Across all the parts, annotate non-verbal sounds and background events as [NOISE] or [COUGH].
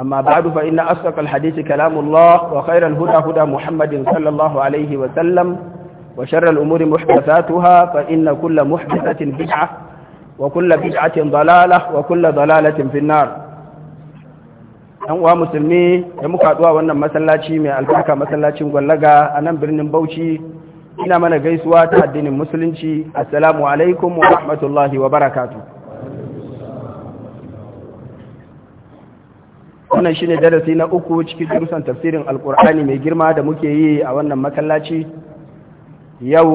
أما بعد فإن أصدق الحديث كلام الله وخير الهدى هدى محمد صلى الله عليه وسلم وشر الأمور محدثاتها فإن كل محدثة بدعة وكل بدعة ضلالة وكل ضلالة في النار ɗan uwa musulmi da muka haɗuwa wannan masallaci mai albarka masallacin gwallaga a nan birnin bauchi ina mana gaisuwa ta addinin musulunci asalamu alaikum wa wa barakatu. wannan shine darasi na uku cikin darussan tafsirin alkur'ani mai girma da muke yi a wannan makallaci yau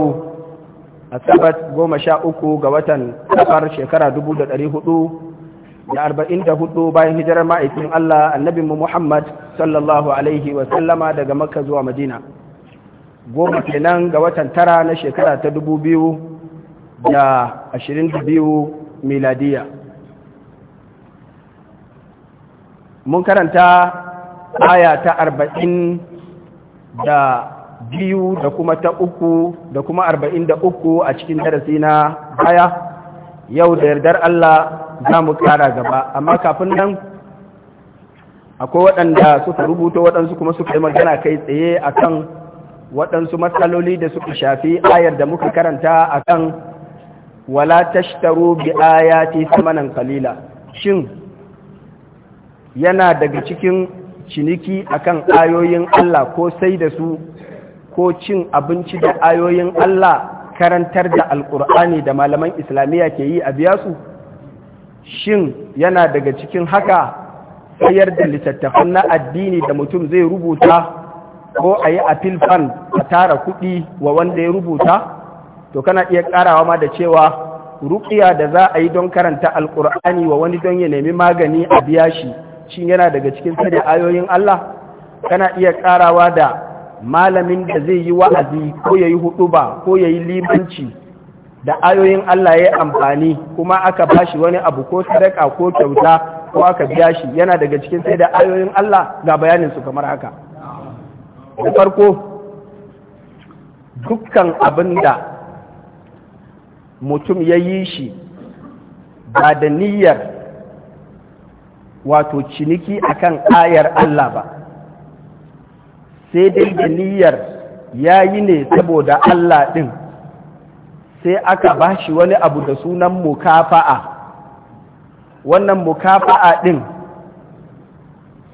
a asabat goma sha uku ga watan safar shekara dubu da ɗari hudu da arba'in da hudu bayan hijirar ma'aikin Allah annabinmu Muhammad sallallahu alaihi wasallama daga makka zuwa madina goma kenan ga watan tara na shekara ta dubu biyu da ashirin da biyu miladiyya mun karanta aya ta arba'in da biyu da kuma ta uku da kuma arba'in da uku a cikin darasi na baya yau da yardar Allah za mu kara gaba amma kafin nan akwai waɗanda suka rubuta waɗansu kuma suka yi magana kai tsaye akan waɗansu matsaloli da suka shafi ayar da muka karanta akan wala tashtaru bi ayati samanan kalila shin yana daga cikin ciniki akan ayoyin Allah ko sai da su ko cin abinci da ayoyin Allah karantar da alkur'ani da malaman islamiyya ke yi a biya su shin yana daga cikin haka sayar da littattafan na addini da mutum zai rubuta ko a yi appeal fan a tara kuɗi wa wanda ya rubuta to kana iya ƙarawa ma da cewa ruƙiya da za a yi don karanta alkur'ani wa wani don ya nemi magani a biya shi shi yana daga cikin sanin ayoyin Allah kana iya karawa da malamin da zai yi wa'azi ko ya yayi huduba ko ya yi limanci da ayoyin Allah ya yi amfani kuma aka bashi wani abu ko sadaka ko kyauta ko aka biya shi yana daga cikin sai da ayoyin Allah ga bayanin su kamar haka da farko dukkan abin da mutum ya yi shi ba da niyyar wato ciniki akan ayar Allah ba sai dai da niyyar ya ne saboda Allah ɗin sai aka ba shi wani abu da sunan mukafa'a wannan mukafa'a ɗin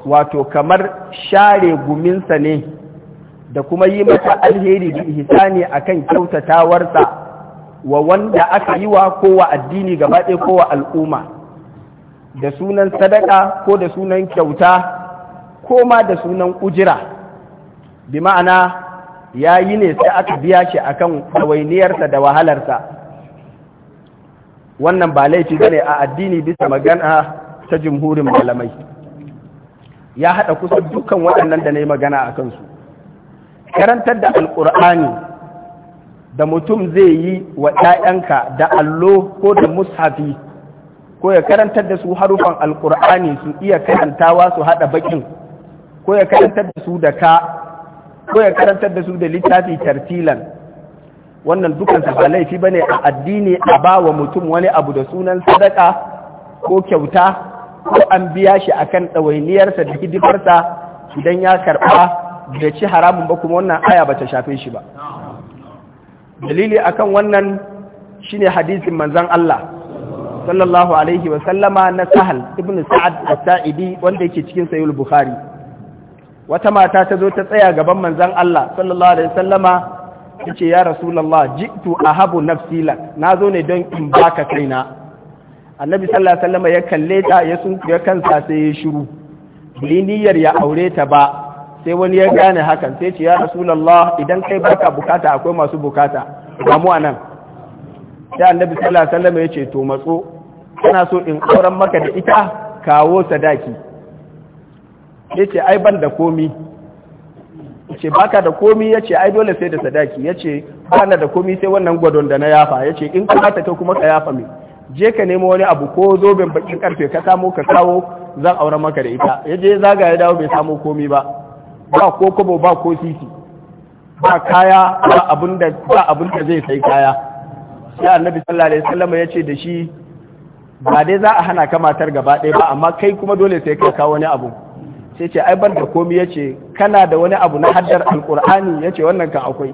wato kamar share guminsa ne da kuma yi masa alheri da ihsani akan kyautatawarsa wa wanda aka yi wa kowa addini gaba ɗaya kowa al'umma da sunan sadaka ko da sunan kyauta ko ma da sunan ujira bi ma'ana ya yi ne sai aka biya shi akan ɗawainiyarsa da wahalarsa wannan ba laifi ne a addini bisa magana ta jimhurin malamai ya haɗa kusa dukkan waɗannan da na yi magana a kansu karantar da alƙur'ani da mutum zai yi wa 'ya'yanka da allo ko da mushafi ko ya karantar da su harufan alkur'ani su iya karantawa su haɗa bakin ko ya karantar da su da ka ko ya karantar da su da littafi tartilan wannan dukansa ba laifi bane a addini a ba wa mutum wani abu da sunan sadaka ko kyauta ko an biya shi akan ɗawainiyarsa da hidimarsa idan ya karba da ci haramun ba kuma wannan aya ba ta shafe shi ba dalili akan wannan shine hadisin manzon Allah sallallahu alaihi wa sallama na sahal ibn sa'ad as-sa'idi wanda yake cikin sahih bukhari wata mata ta zo ta tsaya gaban manzon Allah sallallahu alaihi wa sallama tace ya rasulullah ji'tu ahabu nafsi lak nazo ne don in baka kaina annabi sallallahu alaihi wa sallama ya kalle ta ya sunkuya kansa sai ya shiru bai niyyar ya aure ta ba sai wani ya gane hakan sai ce ya rasulullah idan kai baka bukata akwai masu bukata ga mu anan sai annabi sallallahu alaihi wasallam ya ce to matso kana so in auren maka da ita kawo sadaki ya ce ai ban da komi ya ce baka da komi ya ce ai dole sai da sadaki ya ce bana da komi sai wannan gwadon da na yafa ya ce in ka ta kuma ka yafa mai je ka nemo wani abu ko zoben bakin karfe ka samo ka kawo zan auren maka da ita ya je zaga ya dawo bai samo komi ba ba ko kobo ba ko sisi ba kaya ba abin da zai sai kaya sai annabi sallallahu alaihi wasallam ya ce da shi ba dai za a hana ka matar gaba ɗaya ba amma kai kuma dole sai ka kawo wani abu sai ce ai ban da komi yace kana da wani abu na haddar alqur'ani yace wannan kan akwai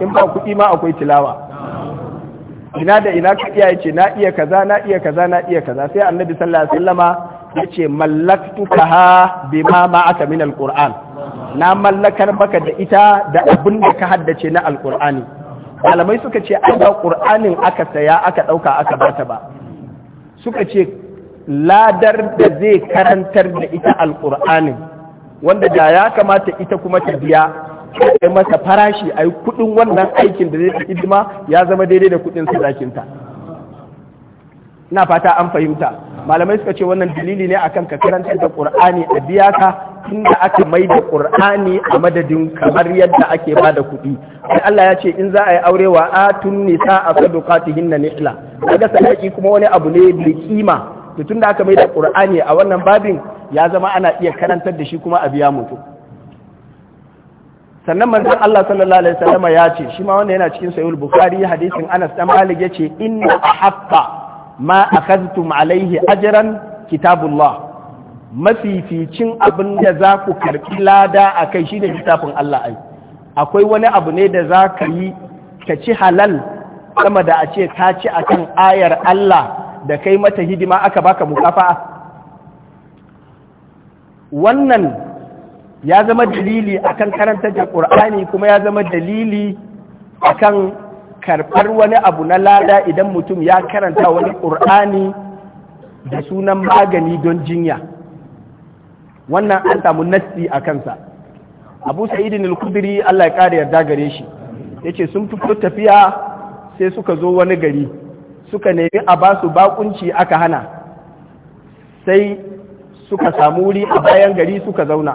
in ba kuɗi ma akwai tilawa ina da ina ka iya yace na iya kaza na iya kaza na iya kaza sai annabi sallallahu alaihi wasallama yace mallaktukaha bima ma'aka min alqur'an na mallakar maka da ita da abin da ka haddace na alqur'ani malamai suka ce an ba qur'anin aka saya aka dauka aka bata ba suka ce ladar da zai karantar da ita alƙur'anin wanda da ya kamata ita kuma ta biya kai masa farashi a yi kuɗin wannan aikin da zai hidima ya zama daidai da kuɗin sadakinta ina fata an fahimta malamai suka ce wannan dalili ne akan ka karantar da ƙur'ani a biya ka tun da aka mai da ƙur'ani a madadin kamar yadda ake ba da kuɗi sai Allah ya ce in za a yi aure wa atun nisa a sadukatihin na nihla kaga sadaki kuma wani abu ne da kima to tun da aka mai da ƙur'ani a wannan babin ya zama ana iya karantar da shi kuma a biya mutu sannan manzon Allah sallallahu alaihi wasallam ya ce shi ma wanda yana cikin sahih bukhari hadisin Anas dan Malik yace inna ahabba ma akhadtum alaihi ajran kitabullah mafificin abin da za ku karɓi lada a kai shi ne littafin Allah ai akwai wani abu ne da za ka yi ka ci halal sama da a ce ta ci akan ayar Allah da kai mata hidima aka baka mukafa'a wannan ya zama dalili akan karantar da ƙur'ani kuma ya zama dalili akan karɓar wani abu na lada idan mutum ya karanta wani ƙur'ani da sunan magani don jinya wannan an samu nassi a kansa abu sa'idin al-kudri Allah ya kare yarda gare shi Ya ce sun fito tafiya sai suka zo wani gari suka nemi a ba su bakunci aka hana sai suka samu wuri a bayan gari suka zauna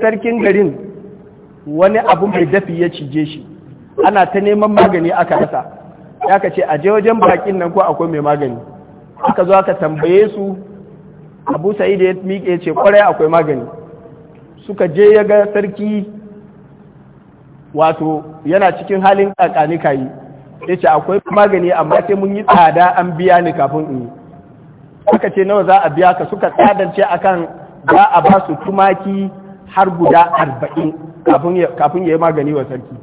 sarkin garin wani abu mai dafi ya cije shi ana ta neman magani aka rasa ya ka ce a je wajen bakin nan ko akwai mai magani aka zo aka tambaye su abu sa'id ya miƙe ce kwarai akwai magani suka je ya ga sarki wato yana cikin halin kakani kayi ya ce akwai magani amma sai mun yi tsada an biya ni kafin in yi aka ce nawa za a biya ka suka tsadance akan za a ba su tumaki har guda arba'in kafin ya yi magani wa sarki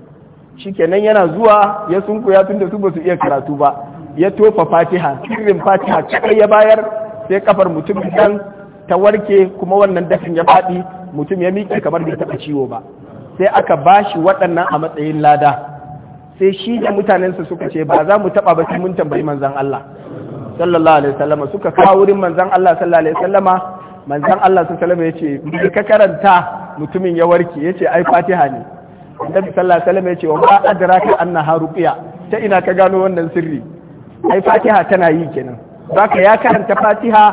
shikenan yana zuwa ya sunkuya tun da su ba su iya karatu ba ya tofa fatiha sirrin fatiha kadai ya bayar sai kafar mutum dan ta warke kuma wannan dafin ya faɗi mutum ya miƙe kamar bai taɓa ciwo ba sai aka bashi waɗannan a matsayin lada sai shi da mutanensa suka ce ba za mu taɓa ba sai mun tambayi manzan Allah sallallahu alaihi wasallama suka kawo wurin manzan Allah sallallahu alaihi wasallama manzan Allah sallallahu alaihi wasallama yace ka karanta mutumin ya warke yace ai Fatiha ne annabi sallallahu alaihi wasallam yace wa ma adraka annaha ruqiya ta ina ka gano wannan sirri ai Fatiha tana yi kenan zaka ya karanta fatiha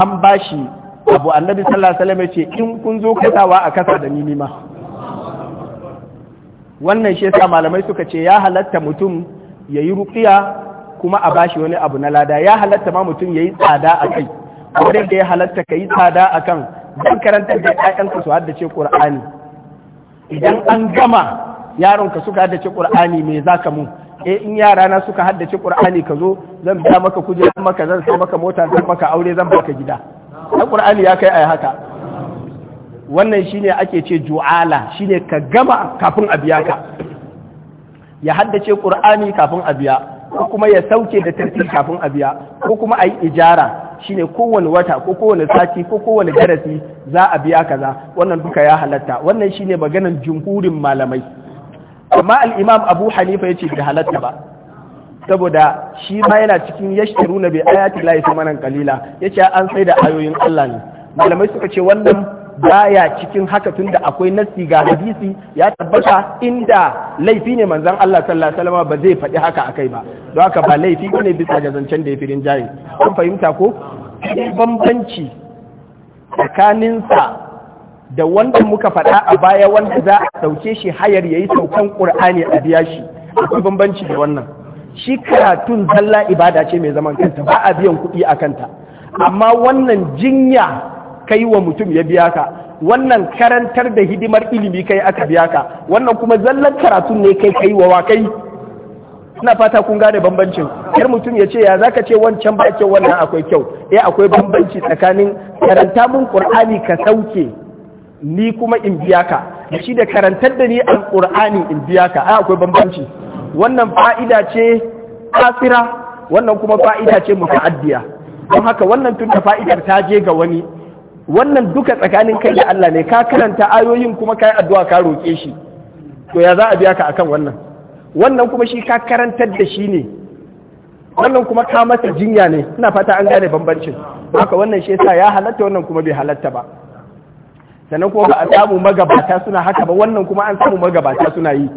an bashi abu annabi sallallahu alaihi wasallam ce in kun zo kasawa a kasa da ni ma wannan shi yasa malamai suka ce ya halatta mutum ya yi ruqiya kuma a bashi wani abu na lada ya halatta ma mutum ya yi tsada a kai wanda da ya halatta ka yi tsada a kan zan karantar da ƴaƴanka su haddace qur'ani idan an gama yaronka suka haddace qur'ani me za ka mun eh in yara na suka haddace qur'ani ka zo zan biya maka kujera maka zan sa maka mota zan maka aure zan baka gida dan qur'ani ya kai ai haka wannan shine ake ce ju'ala shine ka gama kafin a biya ka ya haddace qur'ani kafin a biya ko kuma ya sauke da tarti kafin a biya ko kuma ayi ijara shine kowane wata ko kowane sati ko kowane darasi za a biya kaza wannan duka ya halatta wannan shine maganan jumhurin malamai amma al'imam imam abu hanifa ce bai halatta ba saboda shi ma yana cikin yashtaru na bai ayati manan kalila Ya ce an sai da ayoyin Allah ne malamai suka ce wannan baya cikin haka tun da akwai nasi ga hadisi ya tabbata inda laifi ne manzon Allah sallallahu alaihi wasallam ba zai faɗi haka akai ba don haka ba laifi ne bisa ga zancen da ya fi rinjaye kun fahimta ko bambanci tsakaninsa da wanda muka faɗa a baya wanda za a sauke shi hayar ya yi saukan ƙur'ani a biya shi akwai bambanci da wannan shi karatun zalla ibada ce mai zaman kanta ba a biyan kuɗi a kanta amma wannan jinya kai wa mutum ya biya ka wannan karantar da hidimar ilimi kai aka biya ka wannan kuma zallan karatun ne kai kai wa kai ina fata kun gane bambancin Yar mutum ya ce ya zaka ce wancan ba kyau wannan akwai kyau eh akwai bambanci tsakanin karanta mun qur'ani ka sauke ni kuma in biya ka da shi da karantar da ni alƙur'ani in biya ka ai akwai bambanci wannan fa'ida ce kafira wannan kuma fa'ida ce muta'addiya don haka wannan tun da fa'idar ta je ga wani wannan duka tsakanin kai da Allah ne ka karanta ayoyin kuma kai addu'a ka roƙe shi to ya za a biya ka akan wannan wannan kuma shi ka karantar da shi ne wannan kuma ka masa jinya ne ina fata an gane bambancin haka wannan shi sa ya halatta wannan kuma bai halatta ba sannan kuma ba a samu magabata suna haka ba wannan kuma an samu magabata suna yi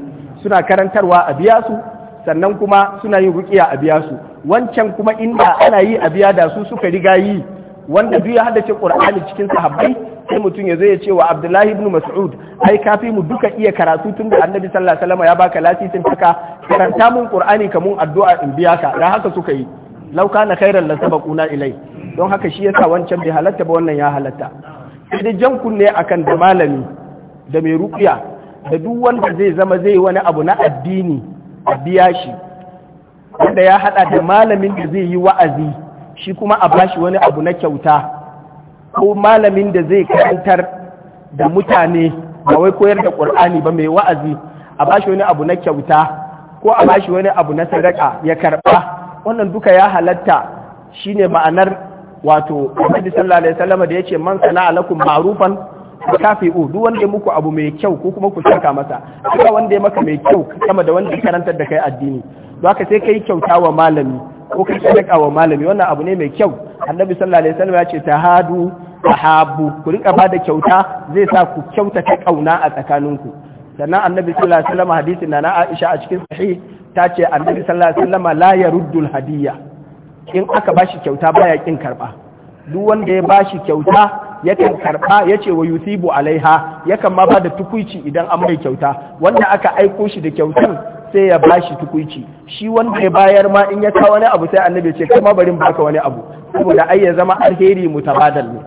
suna karantarwa a biya su sannan kuma suna yin rukiya a biya su wancan kuma inda ana yi a biya da su suka riga yi wanda duk ya haddace qur'ani cikin sahabbai sai mutum ya zo ya ce wa abdullahi ibn mas'ud ai kafi mu duka iya karatu tun da annabi sallallahu alaihi wasallam ya baka lasisin taka karanta mun qur'ani kamun addu'a in biya ka dan haka suka yi law kana khairan la sabaquna ilai don haka shi yasa wancan bai halatta ba wannan ya halatta sai dai jan kunne akan da malami da mai rukiya da duk wanda zai zama zai wani abu na addini a biya shi wanda ya hada da malamin da zai yi wa'azi shi kuma a bashi wani abu na kyauta ko malamin da zai karantar da mutane ba wai koyar da ƙur'ani ba mai wa'azi a bashi wani abu na kyauta ko a bashi wani abu na sadaka ya karɓa wannan duka ya halatta shine ma'anar wato Annabi sallallahu alaihi wasallam da yace man sana'a lakum ma'rufan kafi'u duk wanda muku abu mai kyau ko kuma ku saka masa duk wanda ya maka mai kyau kama da wanda ya karantar da kai addini don haka sai kai kyauta wa malami ko kai sadaka wa malami wannan abu ne mai kyau Annabi sallallahu alaihi wasallam ya ce tahadu tahabu ku rika da kyauta zai sa ku kyautata kauna a tsakaninku sannan annabi sallallahu alaihi wasallam hadisin na Aisha a cikin sahih ta ce annabi sallallahu alaihi wasallam la yaruddul hadiyya in aka bashi kyauta baya kin karɓa. duk wanda ya bashi kyauta yakan karba ce wa yusibu alaiha yakan ma da tukuici idan an mai kyauta wanda aka aiko shi da kyautan sai ya bashi tukuici shi wanda ya bayar ma in ya kawo wani abu sai annabi ce kai ma bari baka wani abu saboda ai ya zama alheri mutabadal ne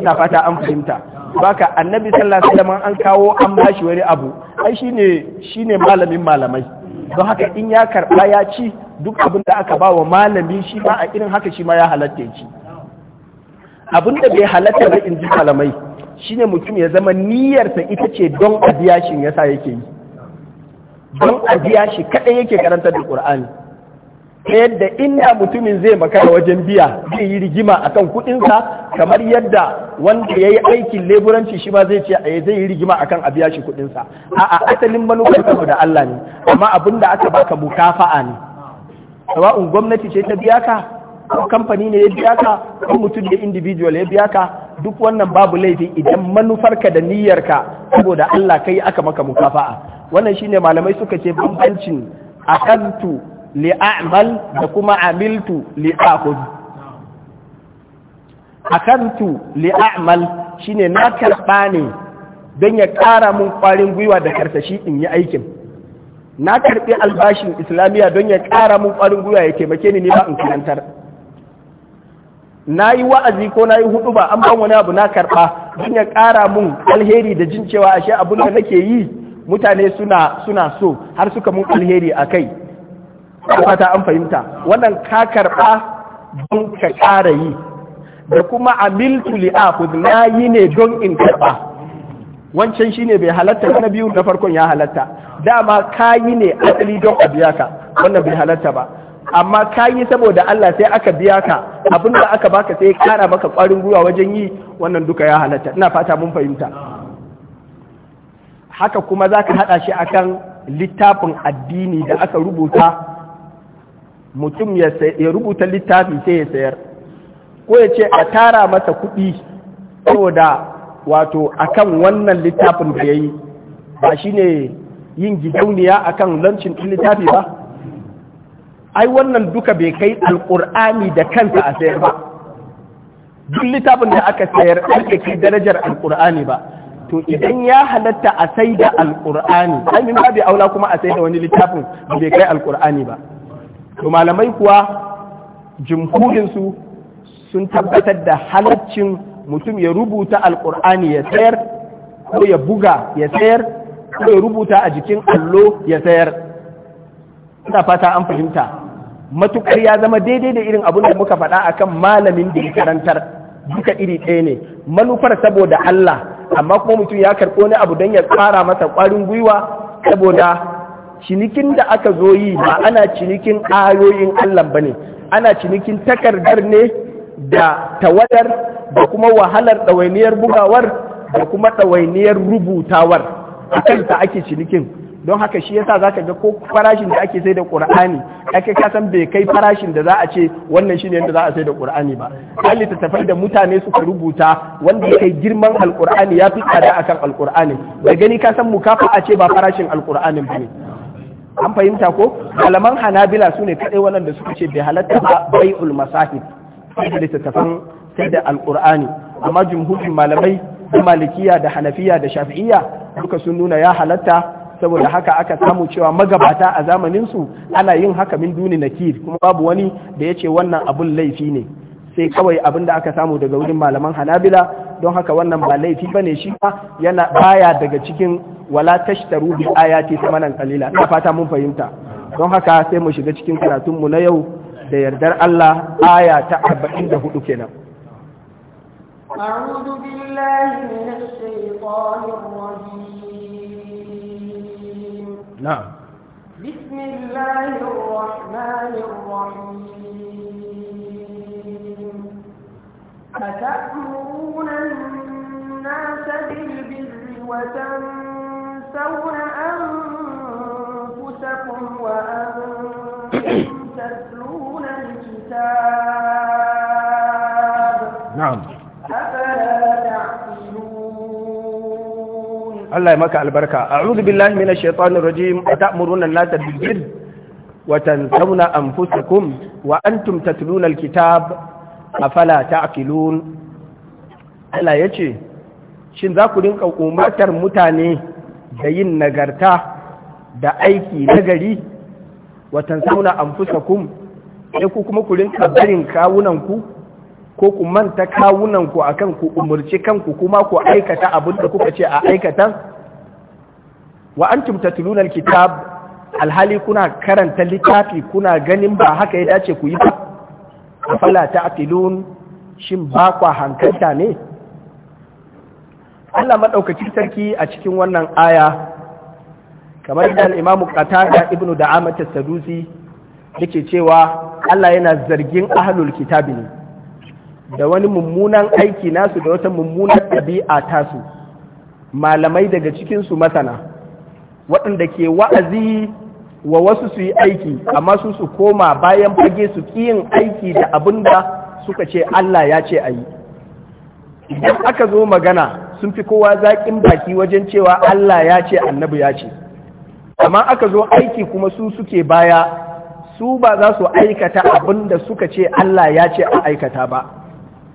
ina fata an fahimta baka annabi sallallahu alaihi wasallam an kawo an bashi wani abu ai shine shine malamin malamai don haka in ya karɓa ya ci duk abin da aka ba wa malami shi ba a irin haka shi ma ya halatta ci abin da bai halatta da in ji malamai ne mutum ya zama niyyarsa ita ce don a biya shi yasa yake yi don a shi kaɗai yake karantar da ƙur'ani ta yadda inda mutumin zai makara wajen biya zai yi rigima a kan kuɗinsa kamar yadda wanda ya yi aikin leburanci shi ma zai ce a zai yi rigima akan a biya shi kuɗinsa a asalin manufar da Allah ne amma abin da aka baka mukafa'a ne sawa'un gwamnati ce ta biya ka ko kamfani ne ya biya ka ko mutum da individual ya biya ka duk wannan babu laifi idan manufarka da niyyarka saboda Allah kai aka maka mukafa'a wannan shine malamai suka ce bambancin akantu li'amal da kuma amiltu li'akud akantu li'amal shine na karɓa ne don ya ƙara mun ƙwarin gwiwa da karsashi in yi aikin na karɓi albashin islamiyya don ya ƙara mun ƙwarin gwiwa ya taimake ni ne ba in karantar na yi wa'azi ko na yi hudu ba an ban wani abu na karɓa don ya ƙara mun alheri da jin cewa ashe abun da nake yi mutane suna suna so har suka mun alheri a kai fata an fahimta wannan ka karɓa don ka ƙara yi da kuma amiltu akhud na yi ne don in karɓa wancan shine bai halatta na biyu na farkon ya halatta dama ka yi ne asali don a biya ka wannan bai halatta ba amma ka yi saboda Allah sai aka biya ka abin da aka baka sai kara maka ƙwarin gwiwa wajen yi wannan duka ya halatta ina fata mun fahimta haka kuma zaka ka haɗa shi akan littafin addini da aka rubuta mutum ya rubuta littafi sai ya sayar ko ya ce a tara masa kuɗi saboda wato akan wannan littafin da ya yi ba shi ne yin gidauniya a kan lancin ɗin littafi ba ai wannan duka bai kai alƙur'ani da kansa a sayar ba duk littafin da aka sayar ake kai darajar alƙur'ani ba to idan ya halatta a sai da alƙur'ani ai min bai aula kuma a sai da wani littafin bai kai alƙur'ani ba to malamai kuwa jimhurinsu sun tabbatar da halaccin mutum ya rubuta Alƙur'ani ya sayar ko ya buga ya sayar ko ya rubuta a jikin allo ya sayar ina fata an fahimta matukar ya zama daidai da irin abin da muka faɗa akan malamin da ya karantar duka iri ɗaya ne manufar saboda Allah amma kuma mutum ya karɓo wani abu don ya tsara masa ƙwarin gwiwa saboda cinikin da aka zo yi ba ana cinikin ayoyin Allah ba ne ana cinikin takardar ne da tawadar da kuma wahalar ɗawainiyar bugawar da kuma ɗawainiyar rubutawar a kanta ake cinikin don haka shi yasa za ka ga ko farashin da ake sai da ƙur'ani ake kasan bai kai farashin da za a ce wannan shi ne yadda za a sai da ƙur'ani ba ta tafai da mutane suka rubuta wanda ya kai girman alƙur'ani ya fi tsada akan alƙur'ani da gani kasan mukafa a ce ba farashin alƙur'anin ba ne an fahimta ko malaman hanabila su ne kaɗai waɗanda suka ce bai halatta ba bai ulmasahib sai da littattafan sai da alƙur'ani amma jumhurin malamai da malikiya da hanafiya da shafi'iya duka sun nuna ya halatta saboda haka aka samu cewa magabata a zamaninsu, ana yin haka min duni nakir kuma babu wani da ya ce wannan abun laifi ne sai kawai abin da aka samu daga wurin malaman hanabila don haka wannan ba laifi ba ne shi ba yana baya daga cikin wala tashtaru bi ayati samanan kalila ina fata mun fahimta don haka sai mu shiga cikin karatun mu na yau da yardar Allah aya ta 44 kenan أعوذ بالله من الشيطان الرجيم نعم بسم الله الرحمن الرحيم أتأمرون الناس بالبر وتنسون أنفسكم وأنتم تتلون الكتاب نعم أفلا تعقلون الله يمك البركة أعوذ بالله من الشيطان الرجيم أتأمرون الناس بالبر وتنسون أنفسكم وأنتم تتلون الكتاب afala ta'qilun Allah ce, shin za ku rinka umartar mutane da yin nagarta da aiki nagari watan sauna kum ya ku kuma ku rinka barin kawunanku ko ku manta kawunanku a kan ku umarci kanku kuma ku aikata abin da kuka ce a aikatan wa tumta tatluna kitab alhali kuna karanta littafi kuna ganin ba haka ya dace ku yi ba afala ta'qilun shin ba kwa hankalta ne Allah madaukakin sarki a cikin wannan aya kamar da al-Imam da ibn Da'amah as yake cewa Allah yana zargin ahlul kitabi ne da wani mummunan aiki nasu da wata mummunan ɗabi'a tasu malamai daga cikinsu masana waɗanda ke wa'azi wa wasu su yi aiki amma su su koma bayan fage su yin aiki da abin da suka ce Allah ya ce a yi idan aka zo magana sun fi kowa zaƙin baki wajen cewa Allah ya ce annabi ya ce amma aka zo aiki kuma su suke baya su ba za su aikata abin da suka ce Allah ya ce a aikata ba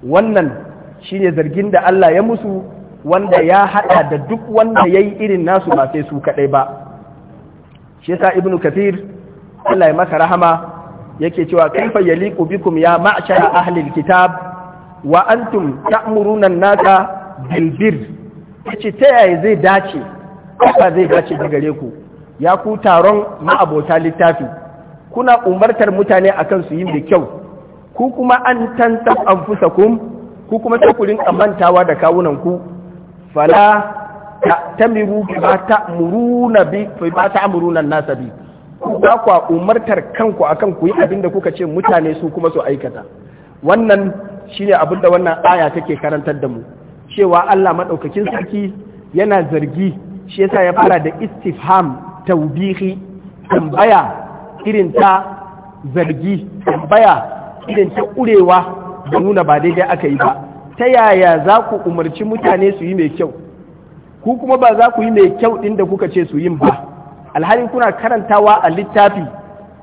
wannan shine zargin da Allah ya musu wanda ya haɗa da duk wanda ya yi irin nasu ba sai su kaɗai ba shi yasa ibnu kathir Allah ya maka rahama yake cewa kaifa yaliqu bikum ya ma'shara ahli alkitab wa antum ta'muruna an-nasa bil bir yace ta yaya zai dace ba zai dace da gare ku ya ku taron ma'abota littafi kuna umartar mutane akan su yi da kyau ku kuma an tantan anfusakum ku kuma ta ku rinka da kawunan ku fala ta'tamiru bima ta'muruna bi bima ta'muruna an-nasa bi ku kwa umartar kanku akan ku yi abin da kuka ce mutane su kuma su aikata wannan shine abin da wannan aya take karantar da mu cewa Allah madaukakin sarki yana zargi shi yasa ya fara da istifham taubihi tambaya irin ta zargi tambaya irin ta kurewa da nuna ba daidai aka yi ba ta yaya za ku umarci mutane su yi mai kyau ku kuma ba za ku yi mai kyau ɗin da kuka ce su yin ba alhali kuna karantawa a littafi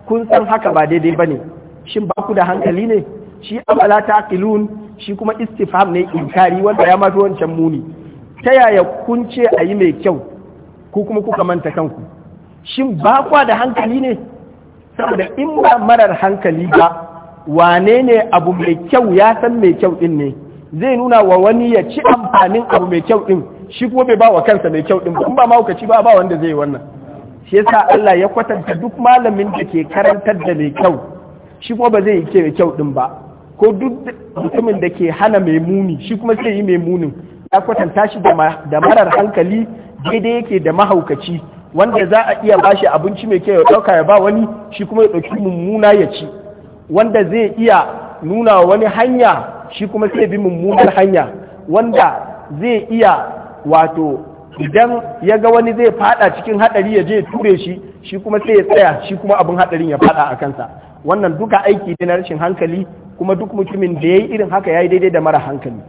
kun san haka ba daidai ba ne shin ba ku da hankali ne shi abala ta shi kuma istifham ne inkari wanda ya mafi wancan muni ta yaya kun ce a yi mai kyau ku kuma kuka manta kanku shin ba kwa da hankali ne saboda in ba marar hankali ba wane ne abu mai kyau ya san mai kyau ɗin ne zai nuna wa wani ya ci amfanin abu mai kyau ɗin? shi kuma bai ba wa kansa mai kyau din ba in ba mahaukaci ba ba wanda zai yi wannan shi yasa Allah ya kwatanta duk malamin da ke karantar da mai kyau shi kuma ba zai yi mai kyau din ba ko duk mutumin da ke hana mai muni shi kuma sai yi mai munin ya kwatanta shi da marar hankali daidai yake da mahaukaci wanda za a iya ba shi abinci mai kyau ya ɗauka ya ba wani shi kuma ya ɗauki mummuna ya ci wanda zai iya nuna wani hanya shi kuma sai bi mummunar hanya wanda zai iya wato idan ya ga wani zai fada cikin hadari ya je ture shi shi kuma sai ya tsaya shi kuma abin hadarin ya fada a kansa wannan duka aiki ne na rashin hankali kuma duk mutumin da ya yi irin haka ya yi daidai da mara hankali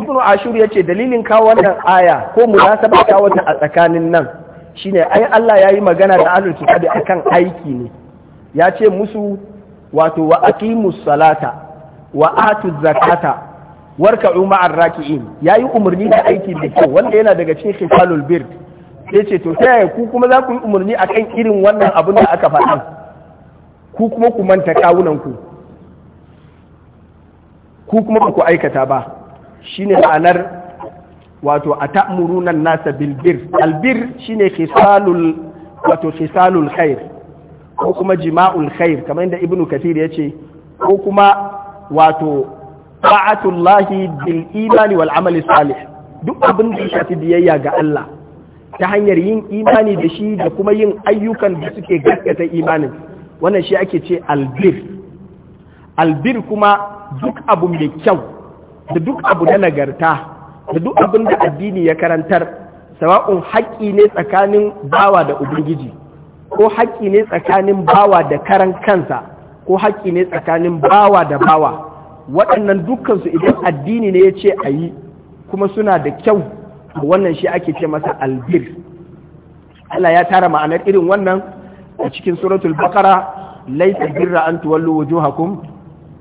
ibnu ashur ya ce dalilin kawo wannan aya ko munasabar ta wata a tsakanin nan shine ai Allah ya yi magana da ahlul Kitab akan aiki ne ya ce musu wato wa aqimus salata wa atuz zakata warka'u ma'ar raki'in yayi umarni da aiki da kyau wanda yana daga cikin khifalul bir sai ce to ta ku kuma za ku yi umarni akan irin wannan abin da aka faɗa ku kuma ku manta kawunan ku ku kuma ku aikata ba shine ma'anar wato atamuruna nasa bilbir bir al bir shine wato khisalul khair ko kuma jima'ul khair kamar yadda ibnu kathir yace ko kuma wato ta'atullahi bil imani wal amali salih duk abin da shafi biyayya ga Allah ta hanyar yin imani da shi da kuma yin ayyukan da suke gaskata imanin wannan shi ake ce albir albir kuma duk abu mai kyau da duk abu na nagarta da duk abin da addini ya karantar sawa'un haƙƙi ne tsakanin bawa da ubangiji ko haƙƙi ne tsakanin bawa da karan kansa ko haƙƙi ne tsakanin bawa da bawa waɗannan dukkansu idan addini ne ya ce a yi kuma suna da kyau wannan shi ake ce masa albir Allah ya tara ma'anar irin wannan a cikin suratul bakara laisa birra an tuwallu wujuhakum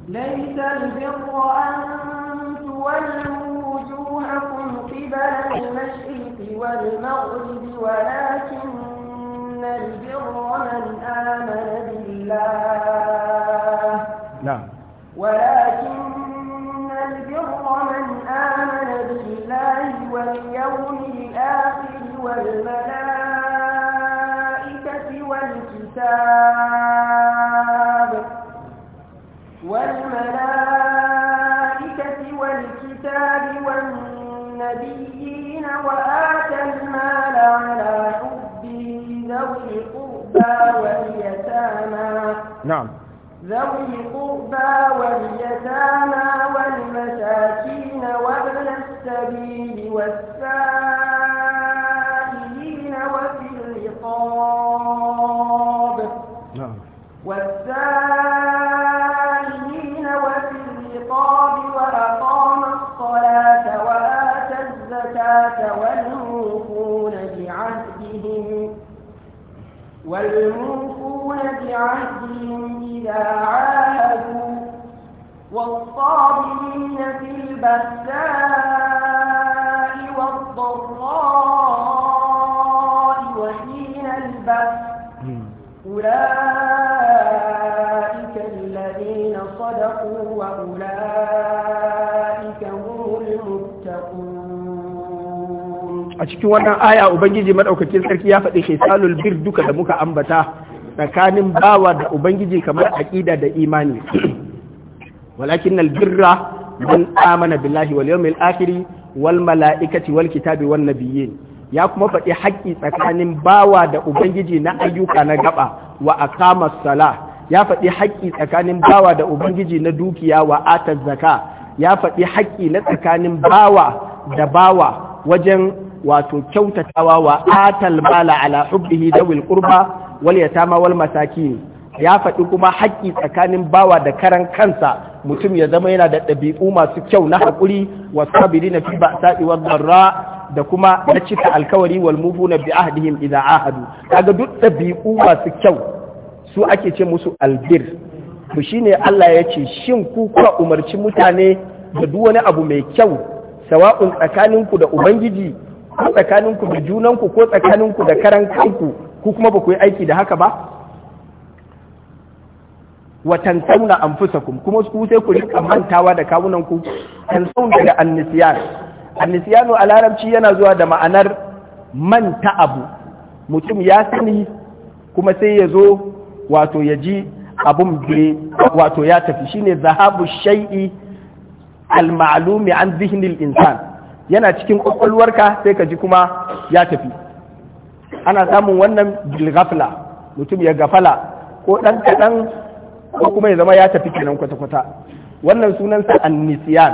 laisa birra an tuwallu wujuhakum qibala al-mashriqi wal maghribi walakin al-birra man amana billah na'am ولكن البر من آمن بالله واليوم الآخر والملائكة والكتاب والملائكة والكتاب والنبيين وآتى المال على حبه ذوي القربى واليتامى نعم ذوي القربى واليتامى والمساكين وابن السبيل والسائلين وفي الرقاب نعم. والسائلين وفي الرقاب وأقام الصلاة وآتى الزكاة والموفون بعهدهم والموفون بعهدهم إذا عاهدوا والصابرين في البساء والضراء وحين البأس أولئك الذين صدقوا وأولئك هم المتقون أشكي وانا آية أبنجي من أوكتين سركي فتي خسال البر دوك دموك أنبتا tsakanin bawa da ubangiji kamar aqida da imani [CLEARS THROAT] walakin birra man amana billahi wal yawmil akhir wal malaikati wal kitabi wan nabiyyin ya kuma faɗi haƙƙi tsakanin bawa da ubangiji na ayyuka na gaba wa aqama sala ya faɗi haƙƙi tsakanin bawa da ubangiji na dukiya wa atar zaka ya faɗi haƙƙi na tsakanin bawa da bawa wajen wato kyautatawa wa atal mala ala hubbihi dawil qurba wal yatama wal masakin ya faɗi kuma haƙƙi tsakanin bawa da karan kansa mutum ya zama yana da ɗabi'u masu kyau na haƙuri wa sabiri na fi ba sa'i wa zarra da kuma na cika alkawari wal mufu na bi ahdihim idza ahadu kaga duk ɗabi'u masu kyau su ake ce musu albir to shine Allah ya ce shin ku kuka umarci mutane da duk wani abu mai kyau sawa'un tsakaninku da ubangiji ko tsakaninku da junanku ko tsakaninku da karan kanku ku kuma ba ku yi aiki da haka ba watan an anfusakum kuma su sai ku rika mantawa da kawunan ku an sauna da annisiyan annisiyanu a larabci yana zuwa da ma'anar manta abu mutum ya sani kuma sai ya zo wato ya ji abun bai wato ya tafi shine zahabu shai'i al-ma'lumi an zihnil insan yana cikin kwakwalwarka sai ka ji kuma ya tafi ana samun wannan bilgafla mutum ya gafala ko ɗan kaɗan ko kuma ya zama ya tafi kenan kwata-kwata wannan sunansa annisiyan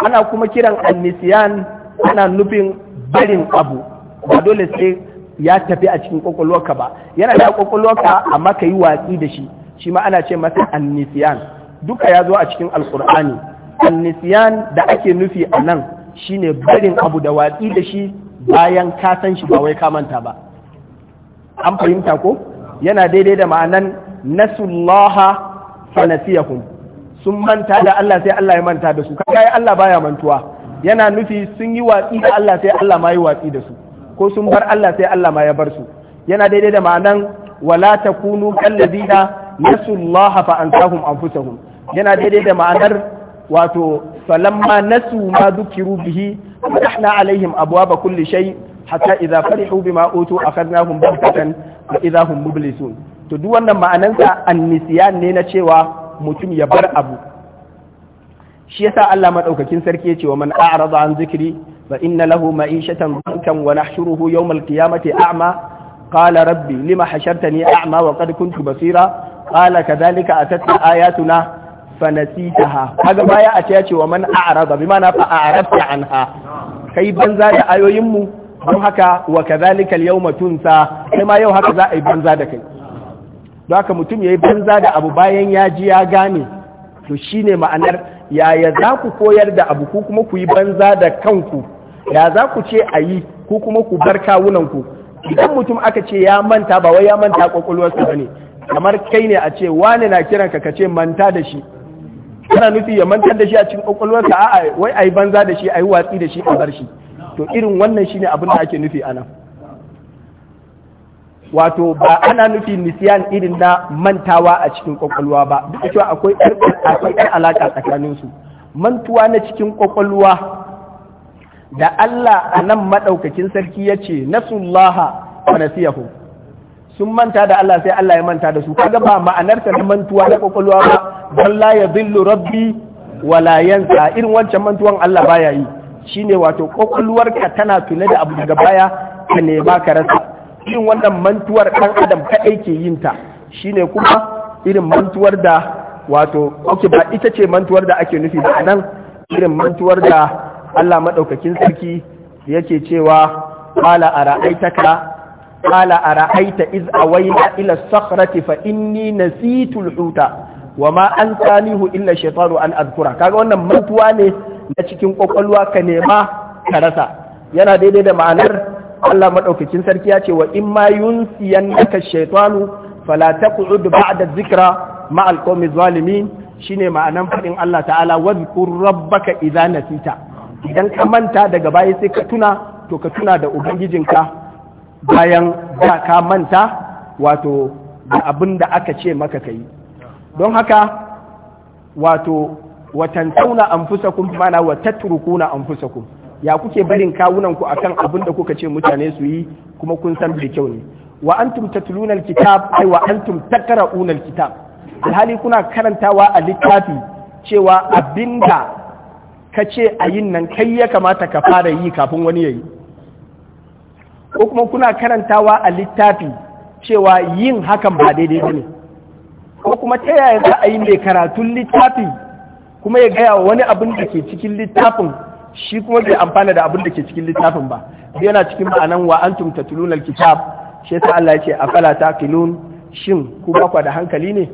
ana kuma kiran annisiyan ana nufin barin abu ba dole sai ya tafi a cikin kwakwalwarka ba yana da kwakwalwarka amma ka yi watsi da shi shi ma ana ce masa annisiyan duka ya zo a cikin alkur'ani annisiyan da ake nufi a nan shine barin abu da watsi da shi bayan ka san shi ba wai ka manta ba an fahimta ko yana daidai da ma'anan nasullaha fanasiyahum sun manta da Allah sai Allah ya manta da su kaga Allah baya mantuwa yana nufi sun yi watsi da Allah sai Allah ma yi watsi da su ko sun bar Allah sai Allah ma ya bar su yana daidai da ma'anan wala takunu kallazina nasullaha fa ansahum anfusahum yana daidai da ma'anar wato Salamma nasu ma dukiru bihi فتحنا عليهم أبواب كل شيء حتى إذا فرحوا بما أوتوا أخذناهم بغتة فإذا هم مبلسون تدوانا ما أننسى النسيان نينا شوى متم يبر أبو شيسا ألا مدعوك كن سركيتي ومن أعرض عن ذكري فإن له معيشة ضنكا ونحشره يوم القيامة أعمى قال ربي لما حشرتني أعمى وقد كنت بصيرا قال كذلك أتتنا آياتنا fanasitaha kaga baya a ce ya ce wa man a'raba bi ma'ana fa a'rafta anha kai banza da ayoyin mu don haka wa kadhalika al-yawma tunsa kai ma yau haka za a yi banza da kai don haka mutum yayi banza da abu bayan ya ji ya gane to shine ma'anar yaya za ku koyar da abu ku kuma ku yi banza da kanku ya za ku ce a yi ku kuma ku bar kawunanku idan mutum aka ce ya manta ba wai ya manta kwakwalwarsa ba ne kamar kai ne a ce wane na kiranka ka ce manta da shi Ana nufi ya mantar da shi a cikin kwakwalwarsa a'a wai ai banza da shi ai watsi da shi a bar shi to irin wannan shine abin da ake nufi anan wato ba ana nufi nisiyan irin na mantawa a cikin kwakwalwa ba duk da cewa akwai ɗan alaƙa tsakanin su mantuwa na cikin kwakwalwa da Allah a nan maɗaukakin sarki ya ce nasullaha wa nasiyahu sun manta da Allah sai Allah ya manta da su kaga ba ma'anarta ta mantuwa na kwakwalwa ba Balla ya zillu rabbi wala yansa irin wancan mantuwan Allah baya yi shine wato ka tana tuna da abu daga baya ka ne ba ka rasa irin wannan mantuwar ɗan adam kaɗai ke yin ta shine kuma irin mantuwar da wato ok ba ita ce mantuwar da ake nufi ba nan irin mantuwar da Allah maɗaukakin sarki yake cewa qala ara'aitaka قال أرأيت إذ أوينا إلى الصخرة فإني نسيت الحوت وما illa إلا الشيطان أن أذكره kaga wannan mantuwa ne na cikin kokolwa ka nema ka rasa yana daidai da ma'anar Allah madaukakin sarki ya ce wa in ma yunsiyannaka shaytanu fala taq'ud ba'da zikira ma'al qaumi zalimin shine ma'anan fadin Allah ta'ala wadhkur rabbaka idza nasita idan ka manta daga baya sai ka tuna to ka tuna da ubangijinka bayan ba ka manta wato da abin da aka ce maka ka yi don haka wato watantauna anfusakum mana wa anfusakum ya kuke barin kawunan ku akan abin da kuka ce mutane su yi kuma kun san da kyau ne wa antum tatluna alkitab ai wa antum taqra'una alkitab alhali kuna karantawa a littafi cewa abinda ka ce a yin nan kai ya kamata ka fara yi kafin wani ya yi ko kuma kuna karantawa a littafi cewa yin hakan ba daidai ba ne ko kuma ta yaya za a yi mai karatun littafi kuma ya gaya wani abin da ke cikin littafin shi kuma bai amfana da abin da ke cikin littafin ba yana cikin ma'anan wa antum tatluna alkitab shi ta Allah ya afala taqilun shin ku bakwa da hankali ne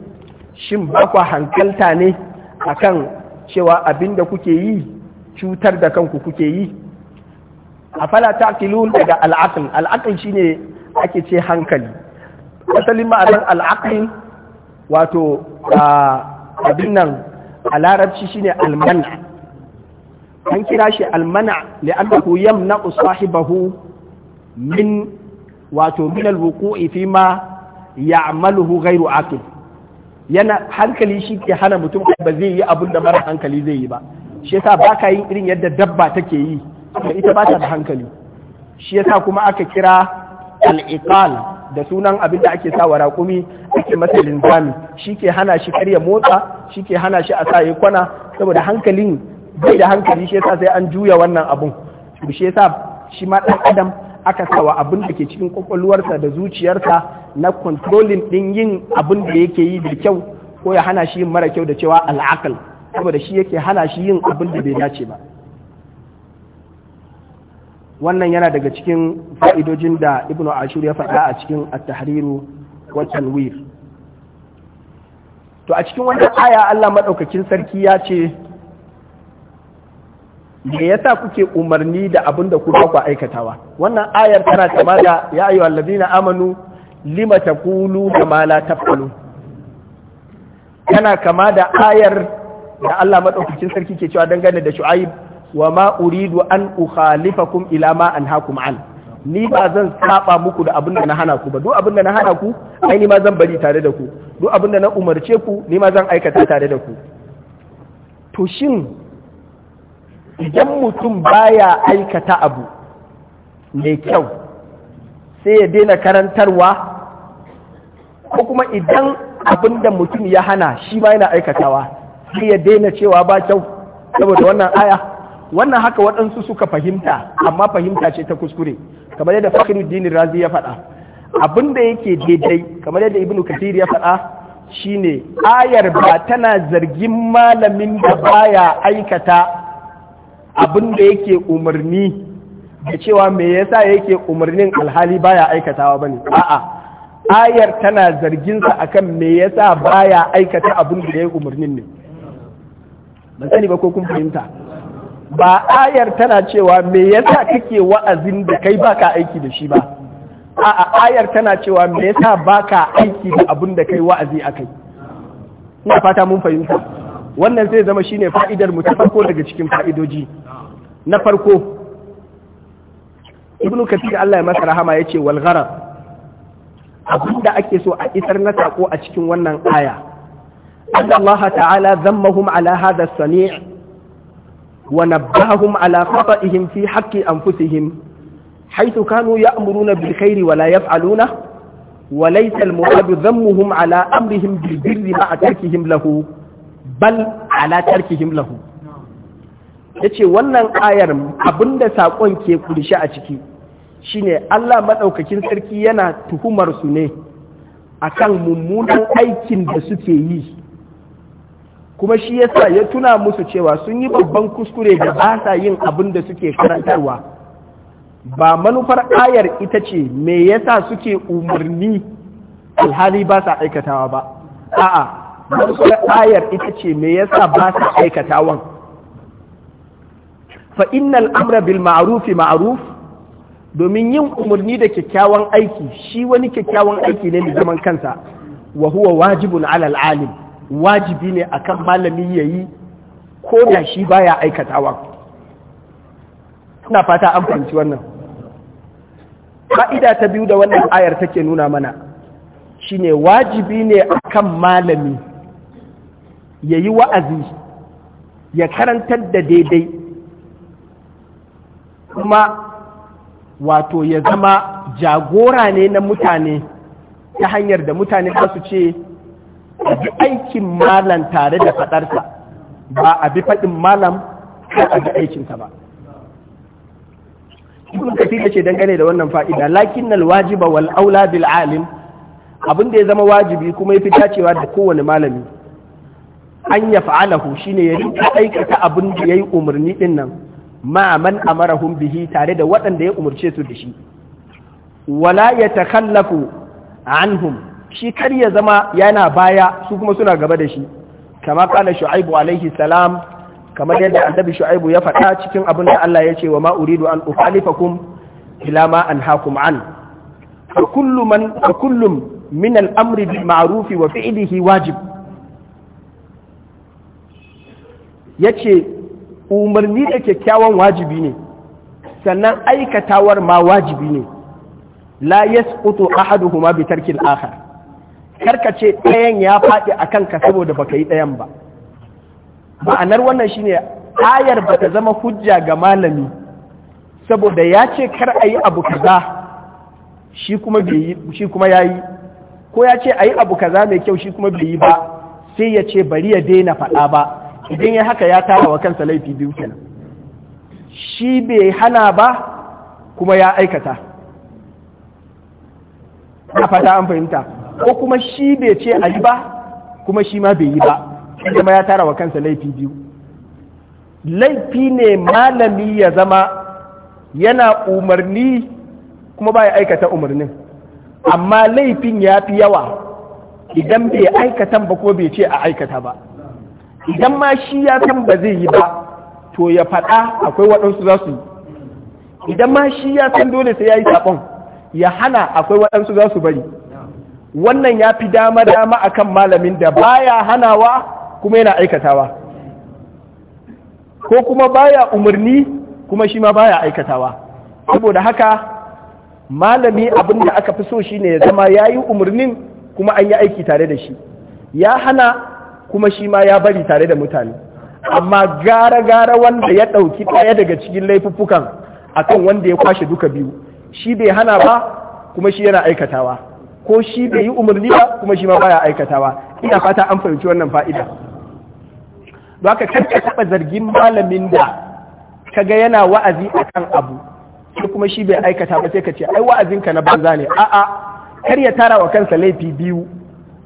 shin bakwa hankalta ne akan cewa abin da kuke yi cutar da kanku kuke yi afala taqilun daga al'aql al'aql shine ake ce hankali asalin ma'anar al'aql wato abin nan a larabci shine almana an kira shi almana li'annahu yamna'u sahibahu min wato min alwuqu'i fi ma ya'maluhu ghairu aqil yana hankali shi ke hana mutum ba zai yi abin da mara hankali zai yi ba shi yasa ka yin irin yadda dabba take yi da ita ba ta da hankali shi yasa kuma aka kira al'iqal da sunan abin da ake wa raƙumi ake masa linzami shi ke hana shi karya motsa shi ke hana shi a sa ya kwana saboda hankalin bai da hankali shi yasa sai an juya wannan abun shi yasa shi ma ɗan adam aka sawa abin da ke cikin kwakwalwarsa da zuciyarsa na controlling ɗin yin abin da yake yi da kyau ko ya hana shi yin mara kyau da cewa al'akal saboda shi yake hana shi yin abin da bai dace ba wannan yana daga cikin fa'idojin da ibnu ashur ya faɗa a cikin at-tahriru wa tanwir to a cikin wannan aya Allah maɗaukakin sarki ya ce me yasa kuke umarni da abin da ku ku aikatawa wannan ayar tana kama da ya ayu allazina amanu lima taqulu kama la taf'alu tana kama da ayar da Allah maɗaukakin sarki ke cewa dangane da Shu'aib wa ma uridu an ukhalifakum ila ma anhaakum an ni ba zan saba muku da abin da na hana ku ba duk abin da na hana ku ai ni ma zan bari tare da ku duk abin da na umarce ku ni ma zan aikata tare da ku to shin idan mutum baya aikata abu mai kyau sai ya daina karantarwa ko kuma idan abin da mutum ya hana shi ma yana aikatawa sai ya daina cewa ba kyau saboda wannan aya wannan haka waɗansu suka fahimta amma fahimta ce ta kuskure kamar yadda fakhruddin razi ya faɗa abin da yake daidai kamar yadda ibnu kathir ya faɗa shine ayar ba tana zargin malamin da baya aikata abin da yake umarni da cewa me yasa yake umarnin alhali baya aikatawa bane a'a ayar tana zarginsa akan me yasa baya aikata abin da ya umarnin ne ban sani ba ko kun fahimta ba ayar tana cewa me yasa kake wa'azin da kai baka aiki da shi ba a'a ayar tana cewa me yasa baka aiki da abin da kai wa'azi akai ina fata mun fahimta wannan zai zama shine fa'idar mu ta farko daga cikin fa'idoji na farko ibnu kathir Allah ya masa rahama ya ce gharab abin da ake so a isar na sako a cikin wannan aya Allah ta'ala zammahum ala hadha sani' wa nabbahum ala khata'ihim fi haqqi anfusihim haythu kanu ya'muruna bil khairi wa la yaf'aluna wa laysa al muradu dhammuhum ala amrihim bil birri ma'a tarkihim lahu bal ala tarkihim lahu yace wannan ayar abinda sakon ke kulshi a ciki shine Allah madaukakin sarki yana tuhumar su ne akan mummunan aikin da suke yi kuma shi yasa ya tuna musu cewa sun yi babban kuskure da ba sa yin abin da suke karantarwa ba manufar ayar ita ce me yasa suke umarni alhali ba sa aikatawa ba a'a manufar ayar ita ce me yasa ba sa aikatawan fa innal amra bil ma'rufi ma'ruf domin yin umarni da kyakkyawan aiki shi wani kyakkyawan aiki ne mai zaman kansa wa huwa wajibun alal wajibi ne akan malami ya yi ko da shi ba baya aikatawa ina fata an fahimci wannan fa'ida ta biyu da wannan ayar take nuna mana shi ne wajibi ne kan malami ya yi wa'azi ya karantar da daidai kuma wato ya zama jagora ne na mutane ta hanyar da mutane za su ce a bi aikin malam tare da faɗarsa ba a bi faɗin malam ko a bi aikinsa ba ibn kathir ya ce dangane da wannan fa'ida lakin al wajiba wal aula bil alim abin da ya zama wajibi kuma ya fi dacewa da kowane malami an ya fa'alahu shine ya rinka aikata abin da yayi umarni din nan ma man amarahum bihi tare da waɗanda ya umarce su da shi wala ya takallafu anhum shi kar ya zama yana baya su kuma suna gaba da shi kama kana shu'aibu alaihi salam kamar yadda annabi shu'aibu ya faɗa cikin abin da Allah ya ce wa ma uridu an ukhalifakum ila ma anhaakum an fa kullu man fa kullum min al-amri bil ma'ruf wa fi'lihi wajib yace umarni da kyakkyawan wajibi ne sannan aikatawar ma wajibi ne la yasqutu ahaduhuma bi tarkil akhar ce ɗayan ya faɗi a kanka saboda baka yi ɗayan ba ma'anar wannan shine ayar bata zama hujja ga malami saboda ya ce kar a yi abu kaza shi kuma ya yi ko ya ce a yi abu kaza mai kyau shi kuma bai yi ba sai ya ce bari ya daina faɗa ba idan ya haka ya tara wa kansa laifi biyu kenan shi bai hana ba kuma ya aikata na fata an fahimta ko kuma shi bai ce a yi ba kuma shi ma bai yi ba shi ya tara wa kansa laifi biyu laifi ne malami ya zama yana umarni kuma ba ya aikata umarnin amma laifin ya fi yawa idan bai aikatan ba ko bai ce a aikata ba idan ma shi ya san ba zai yi ba to ya faɗa akwai waɗansu za su yi idan ma shi ya san dole sai ya yi saɓon ya hana akwai waɗansu za su bari wannan ya fi dama dama akan malamin da baya hanawa kuma yana aikatawa ko kuma baya umarni kuma shi ma baya aikatawa saboda haka malami abin da aka fi so shine ya zama ya yi umarnin kuma an yi aiki tare da shi ya hana kuma shi ma ya bari tare da mutane amma gara-gara wanda ya ɗauki ɗaya daga cikin laifuffukan akan wanda ya kwashe duka biyu shi bai hana ba kuma shi yana aikatawa ko shi bai yi umarni ba kuma shi ma baya aikatawa ina fata an fahimci wannan fa'ida don haka kar ka taba zargin malamin da kaga yana wa'azi akan abu sai kuma shi bai aikata ba sai ka ce ai wa'azin ka na banza ne a'a kar ya tara wa kansa laifi biyu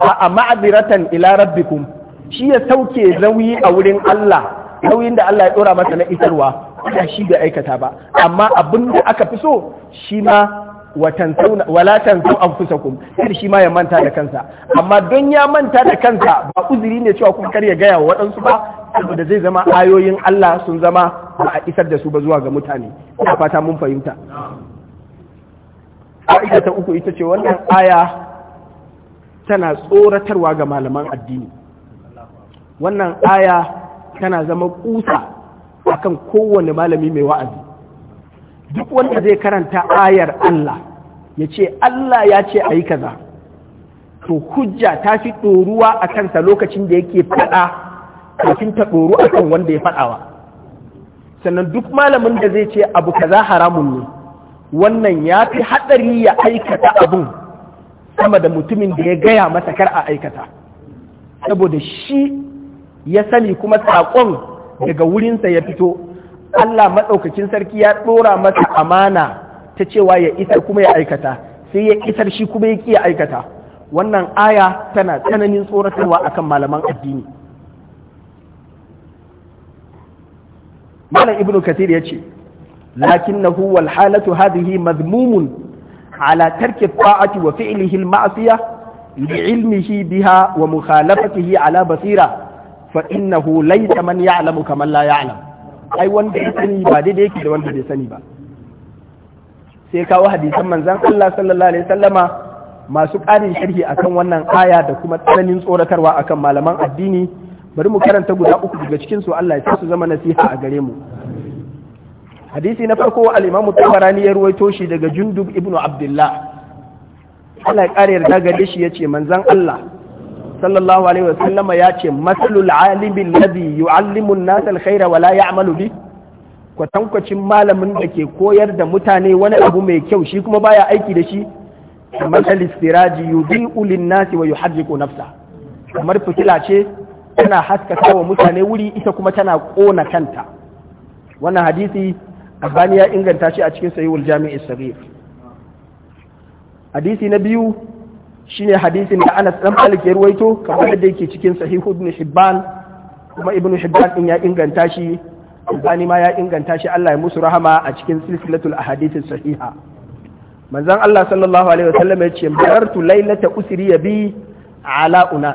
a'a ma'aziratan ila rabbikum shi ya sauke nauyi a wurin Allah nauyin da Allah ya dora masa na isarwa da shi bai aikata ba amma abin da aka fi so shi ma wala kusa kum kar shi ma ya manta da kansa amma don ya manta da kansa ba uzuri ne cewa kuma kar ya gaya wa waɗansu ba saboda zai zama ayoyin Allah sun zama ba a isar da su ba zuwa ga mutane ina fata mun fahimta ka'ida ta uku ita ce wannan aya tana tsoratarwa ga malaman addini wannan aya tana zama kusa akan kowane malami mai wa'azi duk wanda zai karanta ayar Allah ya ce Allah ya ce a yi kaza to hujja ta fi ɗoruwa a kansa lokacin da yake faɗa kafin ta ɗoru a kan wanda ya faɗawa sannan duk malamin da zai ce abu kaza haramun ne wannan ya fi haɗari ya aikata abun sama da mutumin da ya gaya masa kar a aikata saboda shi ya sani kuma saƙon daga wurinsa ya fito Allah maɗaukakin sarki ya ɗora masa amana ta cewa ya isar kuma ya aikata sai ya isar shi kuma ya ƙi ya aikata wannan aya tana tsananin tsoratarwa akan malaman addini malam ibnu kathir ya ce lakinnahu wal halatu hadhihi madmumun ala tarki ta'ati wa fi'lihi al ma'siyah ilmihi biha wa mukhalafatihi ala basira fa innahu laysa man ya'lamu kaman la ya'lam ai wanda ya sani ba daidai yake da wanda bai sani ba sai kawo hadisan manzan Allah sallallahu alaihi sallama masu ƙarin sharhi akan wannan aya da kuma tsananin tsoratarwa akan malaman addini bari mu karanta guda uku daga cikin su Allah ya su zama nasiha a gare mu hadisi na farko al-Imam Tabarani ya ruwaito shi daga Jundub ibn Abdullah Allah ya kare yarda gare shi yace manzan Allah sallallahu alaihi wa wasallam ya ce masalul alimi alladhi yu'allimun an-nas al wala wa la bi kwatankwacin malamin da ke koyar da mutane wani abu mai kyau shi kuma baya aiki da shi kamar al-istiraji yudhi'u lin-nasi wa yuhaddiqu nafsa kamar fitila ce tana haskaka wa mutane wuri ita kuma tana kona kanta wannan hadisi Albani ya inganta shi a cikin sahihul jami'in sahih hadisi na biyu shine hadisin da Anas dan Malik ya ruwaito kamar da yake cikin sahihu ibn Hibban kuma ibn Hibban din ya inganta shi Albani ma ya inganta shi Allah ya musu rahama a cikin silsilatul ahadith sahiha manzon Allah sallallahu alaihi wasallam ya ce barartu lailata ya bi ala una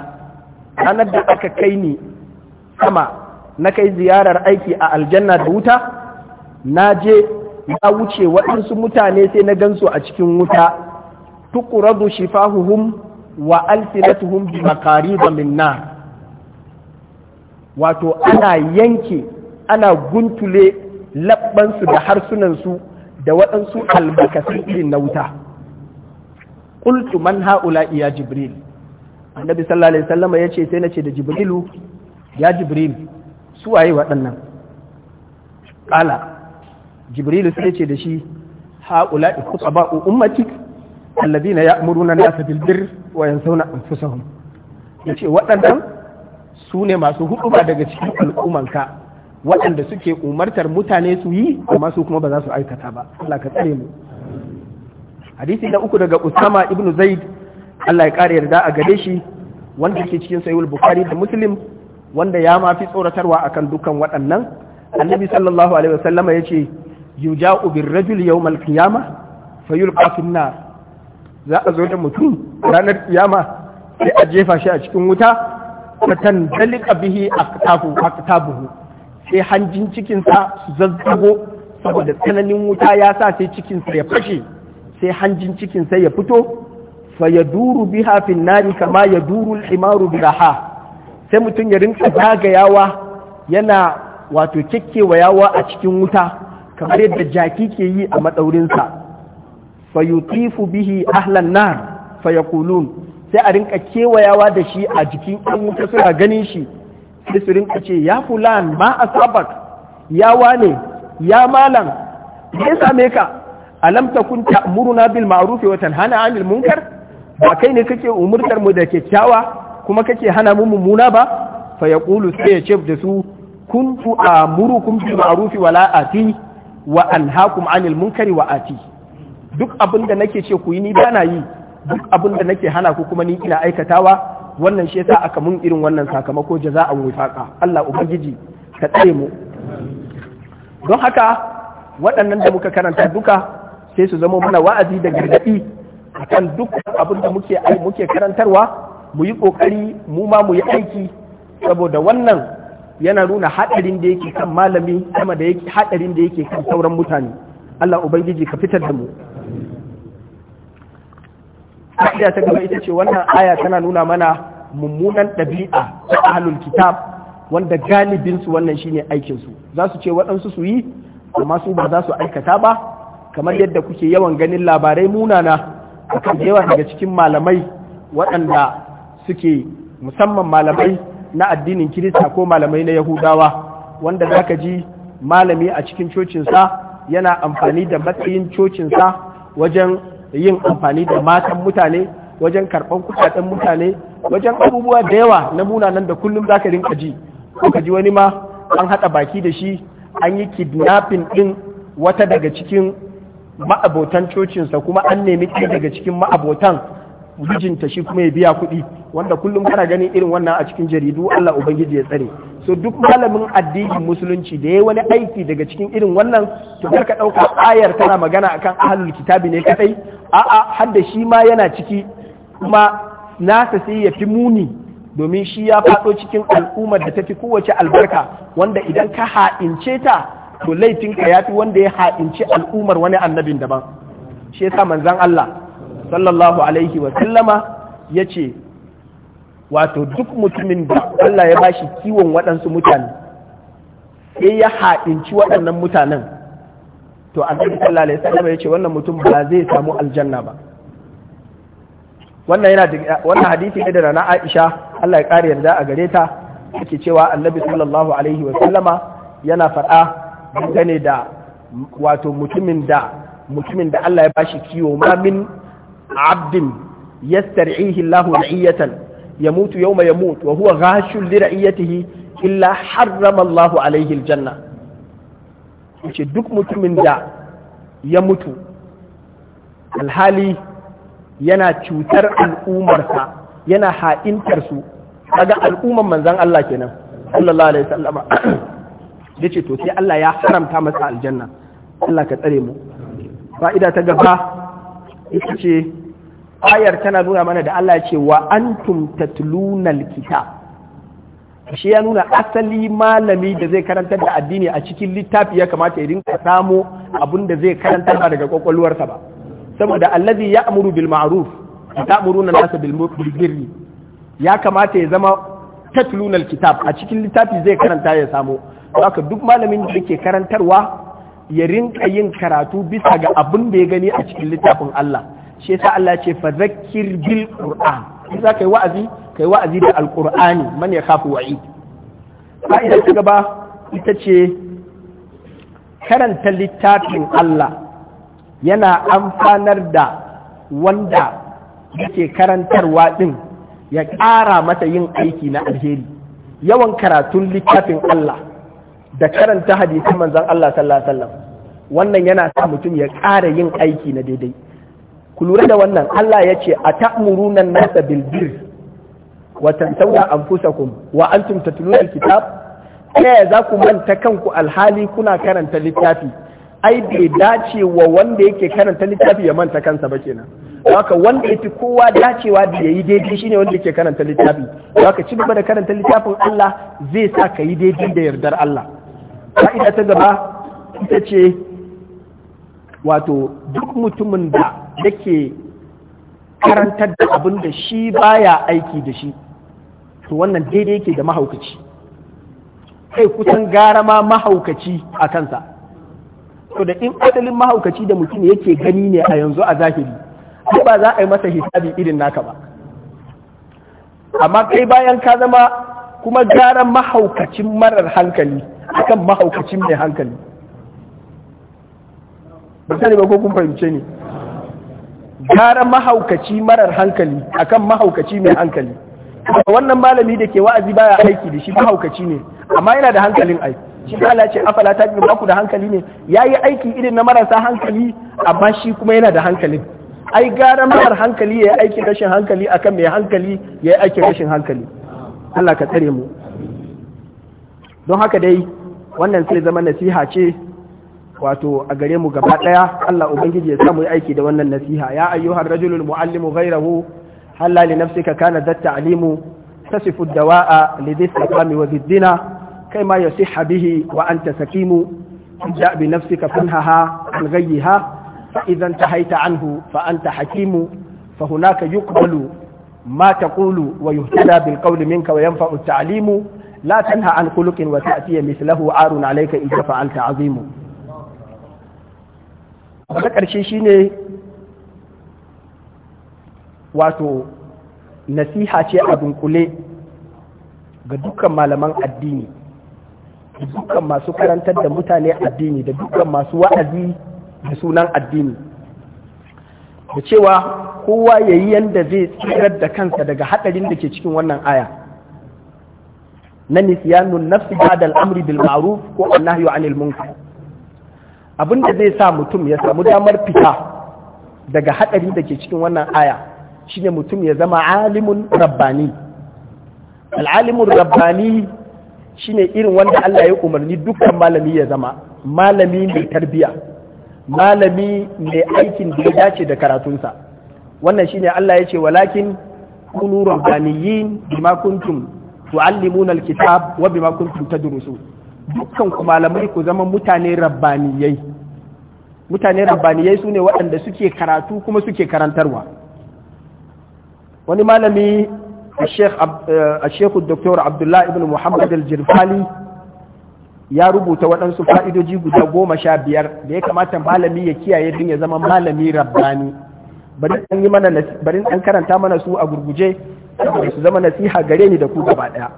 ranar da aka kai ni sama na kai ziyarar aiki a aljanna da wuta na je na wuce waɗansu mutane sai na gansu a cikin wuta tuqradu shifahuhum wa alsinatuhum bi makari min nar wato ana yanke ana guntule labbansu da harsunansu da waɗansu albakasin irin na wuta ƙultu man haula iya jibril annabi sallallahu alaihi wasallam ya ce sai na ce da jibrilu ya jibril su waye waɗannan ƙala jibrilu sai ce da shi haula ba'u ummatik alladina na nasa bil birr wa Ya yace waɗannan su ne masu ba daga cikin al'ummanka waɗanda suke umartar mutane su yi amma su kuma ba za su aikata ba Allah ka tsare mu hadisi na uku daga Usama ibnu Zaid Allah ya kare yarda a gare shi wanda ke cikin sahihul Bukhari da Muslim wanda ya ma fi tsoratarwa akan dukan waɗannan annabi sallallahu alaihi wasallama yace yuja'u bir rajul yawmal qiyamah fayulqa fin nar za a zo da mutum ranar kiyama sai a jefa shi a cikin wuta fatan dalika bihi aktabuhu sai hanjin cikinsa su zazzago saboda tsananin wuta ya sa sai cikinsa ya fashe sai hanjin cikinsa ya fito fa ya duru biha fin nari kama ya duru himaru biraha sai mutum ya rinka zagayawa yana wato kekkewa yawa a cikin wuta kamar yadda jaki ke yi a matsaurinsa fayutifu bihi ahlan nar fa sai a rinka kewayawa da shi a jikin an wuta suna ganin shi sai su rinka ce ya fulan ma asabak ya wane ya malam me same ka alam takun ta'muruna bil ma'ruf wa tanhana 'anil munkar ba kai ne kake umurtar mu da kyakkyawa kuma kake hana mu mummuna ba fa sai ya ce da su kuntu amurukum bil ma'ruf wa la ati wa anhaakum 'anil munkari wa ati duk abin da nake ce ku yi ni bana yi duk abin da nake hana ku kuma ni ina aikatawa wannan shi yasa aka mun irin wannan sakamako jaza'an wifaqa Allah ubangiji ka tsare mu don haka waɗannan da muka karanta duka sai su zama mana wa'azi da gargaɗi akan duk abin da muke muke karantarwa mu yi ƙoƙari mu ma mu yi aiki saboda wannan yana nuna haɗarin da yake kan malami sama da yake haɗarin da yake kan sauran mutane Allah ubangiji ka fitar da mu ka'ida ta gaba ita ce wannan aya tana nuna mana mummunan ɗabi'a ta ahlul kitab wanda su wannan shine su za su ce waɗansu su yi amma su ba za su aikata ba kamar yadda kuke yawan ganin labarai munana akan yawa daga cikin malamai waɗanda suke musamman malamai na addinin kirista ko malamai na yahudawa wanda za ka ji malami a cikin cocinsa yana amfani da matsayin cocinsa wajen yin amfani da matan mutane wajen karɓar kuɗaɗen mutane wajen abubuwa da yawa na munanan da kullum za ka rinka ji ko ka ji wani ma an haɗa baki da shi an yi kidnapping ɗin wata daga cikin ma'abotan cocinsa kuma an nemi ɗaya daga cikin ma'abotan mijinta shi kuma ya biya kuɗi wanda kullum kana ganin irin wannan a cikin jaridu Allah ubangiji ya tsare so duk malamin addinin musulunci da ya wani aiki daga cikin irin wannan to ka ɗauka ayar tana magana akan ahlul kitabi ne kadai a'a har da shi ma yana ciki kuma nasa sai ya fi muni domin shi ya faɗo cikin al'ummar da ta fi kowace albarka wanda idan ka ha'ince ta to ka ya fi wanda ya ha'inci al'ummar wani annabin daban shi yasa manzon Allah sallallahu alaihi wa sallama ya ce wato duk mutumin da Allah ya bashi kiwon waɗansu mutane sai ya haɗinci waɗannan mutanen to a kan sallallahu alaihi sallama ya ce wannan mutum ba zai samu aljanna ba wannan yana wannan hadisi ne da na Aisha Allah ya kare yarda a gare ta yake cewa Annabi sallallahu alaihi wa sallama yana faɗa dangane da wato mutumin da mutumin da Allah ya bashi kiwo ma min abdin yastar'ihi Allahu ra'iyatan yamutu yawma yamut wa huwa ghashul li ra'iyatihi illa harrama Allahu alaihi aljanna yace duk mutumin da ya mutu alhali yana cutar al'umarsa yana ha'intar su kaga al'umman Allah kenan sallallahu alaihi wasallama [CLEARS THROAT] yace to sai Allah ya haramta masa aljanna Allah ka tsare mu fa'ida ta gaba ita ce ayar tana nuna mana da Allah ce wa antum tatlunal kitab shi ya nuna asali malami da zai karantar da addini a cikin littafi ya kamata ya rinka samo abin da zai karantar ba daga kwakwalwarsa ba saboda allazi ya amuru bil ma'ruf ta'muruna nasa bil birri ya kamata ya zama tatlunal kitab a cikin littafi zai karanta ya samo haka duk malamin da yake karantarwa ya rinka yin karatu bisa ga abin da ya gani a cikin littafin Allah shi yasa Allah ce fa zakkir bil qur'an in za kai wa'azi kai wa'azi da alqur'ani man ya khafu wa'id fa'ida ta gaba ita ce karanta littafin Allah yana amfanar da wanda yake karantarwa din ya ƙara mata yin aiki na alheri yawan karatun littafin Allah da karanta hadisin manzon Allah sallallahu alaihi wasallam wannan yana sa mutum ya ƙara yin aiki na daidai ku lura da wannan Allah ya ce a ta'muruna nasa bil bir wa tantawna anfusakum wa antum tatluna alkitab kai za ku manta kanku alhali kuna karanta littafi ai bai dace wa wanda yake karanta littafi ya manta kansa ba kenan haka wanda yafi kowa dacewa da yayi daidai shine wanda yake karanta littafi haka ci gaba da karanta littafin Allah zai sa ka yi daidai da yardar Allah ka'ida ta gaba ita ce wato duk mutumin da yake karantar da abin da shi baya aiki da shi to wannan daidai yake da mahaukaci kai kusan gara ma mahaukaci a kansa to da in asalin mahaukaci da mutum yake gani ne a yanzu a zahiri ko ba za a yi masa hisabi irin naka ba amma kai bayan ka zama kuma gara mahaukacin marar hankali akan mahaukacin mai hankali ba sani ba ko kun fahimce ne gara mahaukaci marar hankali kan mahaukaci mai hankali wannan malami da ke wa'azi baya aiki da shi mahaukaci ne amma yana da hankalin aiki shi ta ce afala ta ba ku da hankali ne ya yi aiki irin na marasa hankali amma shi kuma yana da hankalin ai gara marar hankali ya yi aikin rashin hankali akan mai hankali ya yi aikin rashin hankali Allah ka mu don haka dai wannan sai zama nasiha ce wato a gare mu gaba ɗaya Allah ubangiji ya sa mu yi aiki da wannan nasiha ya ayyuhar rajulul muallimu ghayrahu halla li nafsika kana dat ta'limu tasifu dawa'a li dhiqami wa biddina kayma yasihha bihi wa anta sakimu ja bi nafsika fanhaha an ghayyiha fa idan tahaita anhu fa anta hakimu fa hunaka yuqbalu ma taqulu wa yuhtada bil qawli minka wa yanfa'u at la tanha an khuluqin wa ta'ti mislahu arun alayka idza fa'alta azimu wata ƙarshe shine wato nasiha ce a dunkule ga dukkan malaman addini da dukkan masu karantar da mutane addini da duka masu wa'azi da sunan addini da cewa kowa ya yi yadda zai tsirar da kansa daga haɗarin da ke cikin wannan aya na nisyanun nafsi ba'da al-amri bil ma'ruf ko annahyu 'anil munkar da zai sa mutum ya samu damar fita daga hadari da ke cikin wannan aya shine mutum ya zama alimun rabbani al'alimun rabbani shine irin wanda Allah ya umarni dukkan malami ya zama malami mai tarbiya malami mai aikin da ya dace da karatunsa wannan shine Allah ya ce walakin kunu rabbaniyin bima kuntum tu'allimuna alkitab wa bima kuntum tadrusun dukkan ku malamai ku zama mutane rabbaniyai mutane rabbaniyai sune waɗanda suke karatu kuma suke karantarwa wani malami الشيخ الدكتور eh, Abdullahi Ibn Muhammad Al jirfali, ya rubuta waɗansu fa'idoji guda goma sha biyar da ya kamata malami ya kiyaye din ya zama malami rabbani bari yi bari an karanta mana su a gurguje saboda su zama nasiha gare ni da ku gaba daya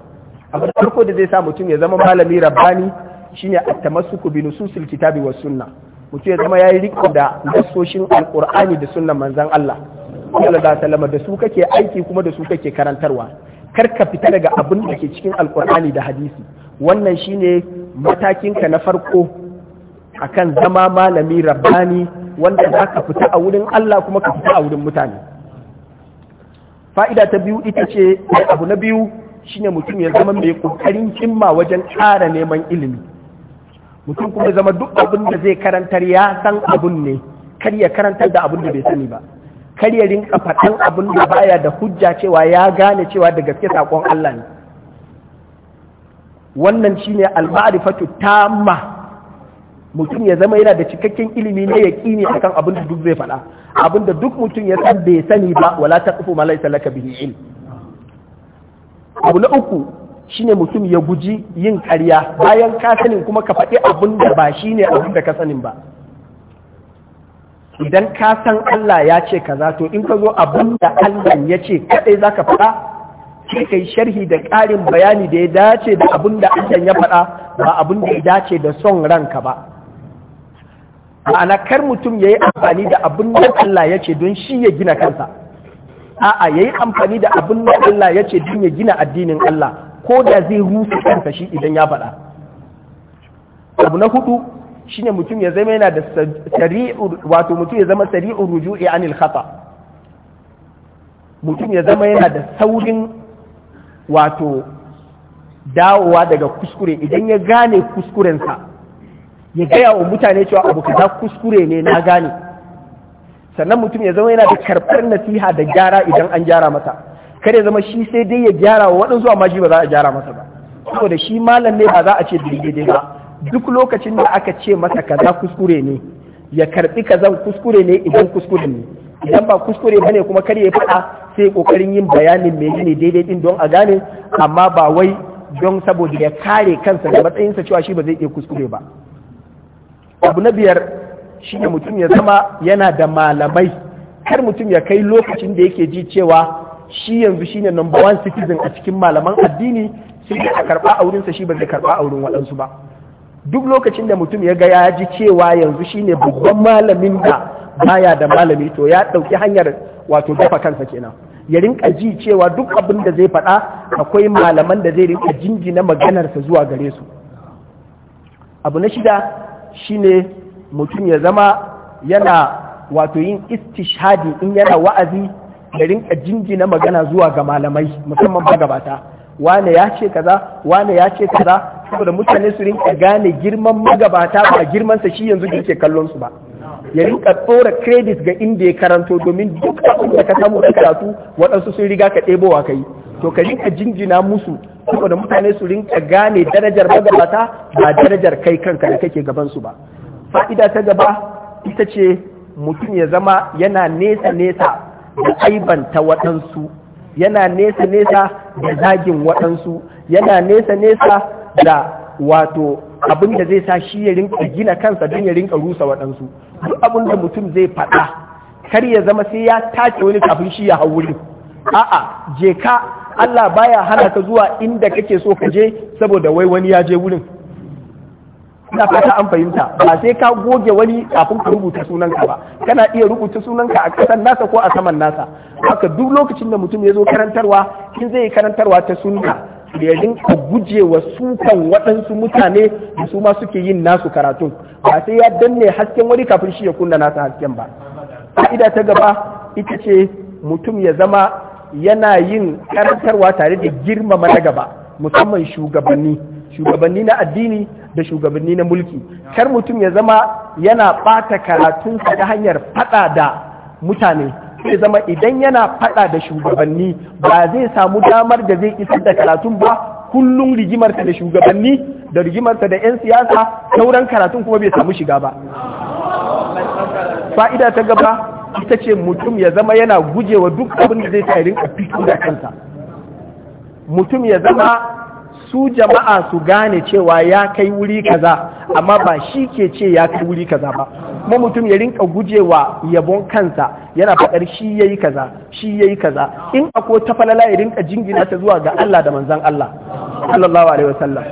abu da farko da zai sa mutum ya zama malami rabbani shine at-tamassuku bi nususil kitabi was sunna mutum ya zama yayi riko da nasoshin alqur'ani da sunnan manzan Allah sallallahu alaihi wasallam da su kake aiki kuma da su kake karantarwa kar ka fita daga abin da ke cikin alqur'ani da hadisi wannan shine matakin ka na farko akan zama malami rabbani wanda za ka fita a wurin Allah kuma ka fita a wurin mutane fa'ida ta biyu ita ce mai abu na biyu shine mutum ya zama mai ƙoƙarin cimma wajen ƙara neman ilimi mutum kuma zama duk abin da zai karantar ya san abun ne kar ya karantar da abin da bai sani ba kar ya rinka faɗan abin da baya da hujja cewa ya gane cewa da gaske sakon Allah ne wannan shine al-ma'rifatu tamma mutum ya zama yana da cikakken ilimi ne ya akan abin da duk zai faɗa abinda duk mutum ya san bai sani ba wala taqfu ma laysa laka bihi ilm abu na uku shine mutum ya guji yin karya bayan ka sanin kuma ka faɗi abin da ba shine abin da ka sanin ba idan ka san Allah ya ce kaza to in ka zo abin da Allah ya ce za ka faɗa sai kai sharhi da ƙarin bayani da ya dace da abin da Allah ya faɗa ba abin da ya dace da son ranka ba ma'ana kar mutum ya yi amfani da abin da Allah ya ce don shi ya gina kansa a'a ya yi amfani da abin da Allah ya ce don ya gina addinin Allah ko da zai rufe kansa shi idan ya faɗa abu na hudu shine mutum ya zama yana da sari'u wato mutum ya zama sari'u ruju'i anil khata mutum ya zama yana da saurin wato dawowa daga kuskure idan ya gane kuskurensa ya gaya wa mutane cewa abu kaza kuskure ne na gane sannan mutum ya zama yana da karɓar nasiha da gyara idan an gyara masa kar ya zama shi sai dai ya gyara wa waɗansu amma shi ba za a gyara masa ba saboda shi malam ne ba za a ce daidai ba duk lokacin da aka ce masa kaza kuskure ne ya karbi kazan kuskure ne idan kuskure ne idan ba kuskure bane kuma kar ya faɗa sai kokarin yin bayanin ne daidai din don a gane amma ba wai don saboda ya kare kansa da matsayinsa cewa shi ba zai iya kuskure ba abu na biyar shi ne mutum ya zama yana da malamai har mutum ya kai lokacin da yake ji cewa shi yanzu shi ne number one citizen a cikin malaman addini sai a karɓa a shi ba zai karɓa a waɗansu ba duk lokacin da mutum ya ga ya ji cewa yanzu shi ne babban malamin da baya da malami to ya ɗauki hanyar wato dafa kansa kenan ya rinka ji cewa duk abin da zai faɗa akwai malaman da zai rinka jinjina maganarsa zuwa gare su abu na shida shine mutum ya zama yana wato yin istishadi in yana wa'azi da rinka jinjina magana zuwa ga malamai musamman magabata wane ya ce kaza wane ya ce kaza saboda mutane su rinka gane girman magabata ba girmansa shi yanzu da yake kallon su ba ya rinka tsora credit ga inda ya karanto domin duk da ka samu da karatu waɗansu sun riga ka ɗebowa kai to ka rinka jinjina musu saboda mutane su rinka gane darajar magabata ba darajar kai kanka da kake gaban su ba fa'ida ta gaba ita ce mutum ya zama yana nesa nesa da aibanta waɗansu yana nesa nesa da zagin waɗansu yana nesa nesa da wato abin da zai sa shi ya rinka gina kansa don ya rinka rusa waɗansu duk abin da mutum zai faɗa kar ya zama sai ya tace wani kafin shi ya hau wuri a'a je ka Allah baya hana ka zuwa inda kake so ka je saboda wai wani ya je wurin ina fata an fahimta ba sai ka goge wani kafin ka rubuta sunanka ba kana iya rubuta sunanka a kasan nasa ko a saman nasa haka duk lokacin da mutum ya zo karantarwa in zai yi karantarwa ta sunna da ka guje wa sukan waɗansu mutane da su ma suke yin nasu karatu. ba sai ya danne hasken wani kafin shi ya kunna nasa hasken ba Ka'ida ta gaba ita ce mutum ya zama yana yin karantarwa tare da girmama na gaba musamman shugabanni shugabanni na addini da shugabanni na mulki kar mutum ya zama yana ɓata karatunsa ta hanyar faɗa da mutane sai zama idan yana faɗa da shugabanni ba zai samu damar da zai isar da karatun ba kullum rigimarsa da shugabanni da rigimarsa da 'yan siyasa sauran karatun kuma bai samu shiga ba fa'ida ta gaba ita ce mutum ya zama yana gujewa duk abin da zai ta rinka fito da kansa mutum ya zama su jama'a su gane cewa ya kai wuri kaza amma ba shi ke ce ya kai wuri kaza ba kuma mutum ya rinka gujewa yabon kansa yana faɗar shi yi kaza shi yayi kaza in ako ta falala ya rinka jingina ta zuwa ga Allah da manzan Allah sallallahu alaihi wasallam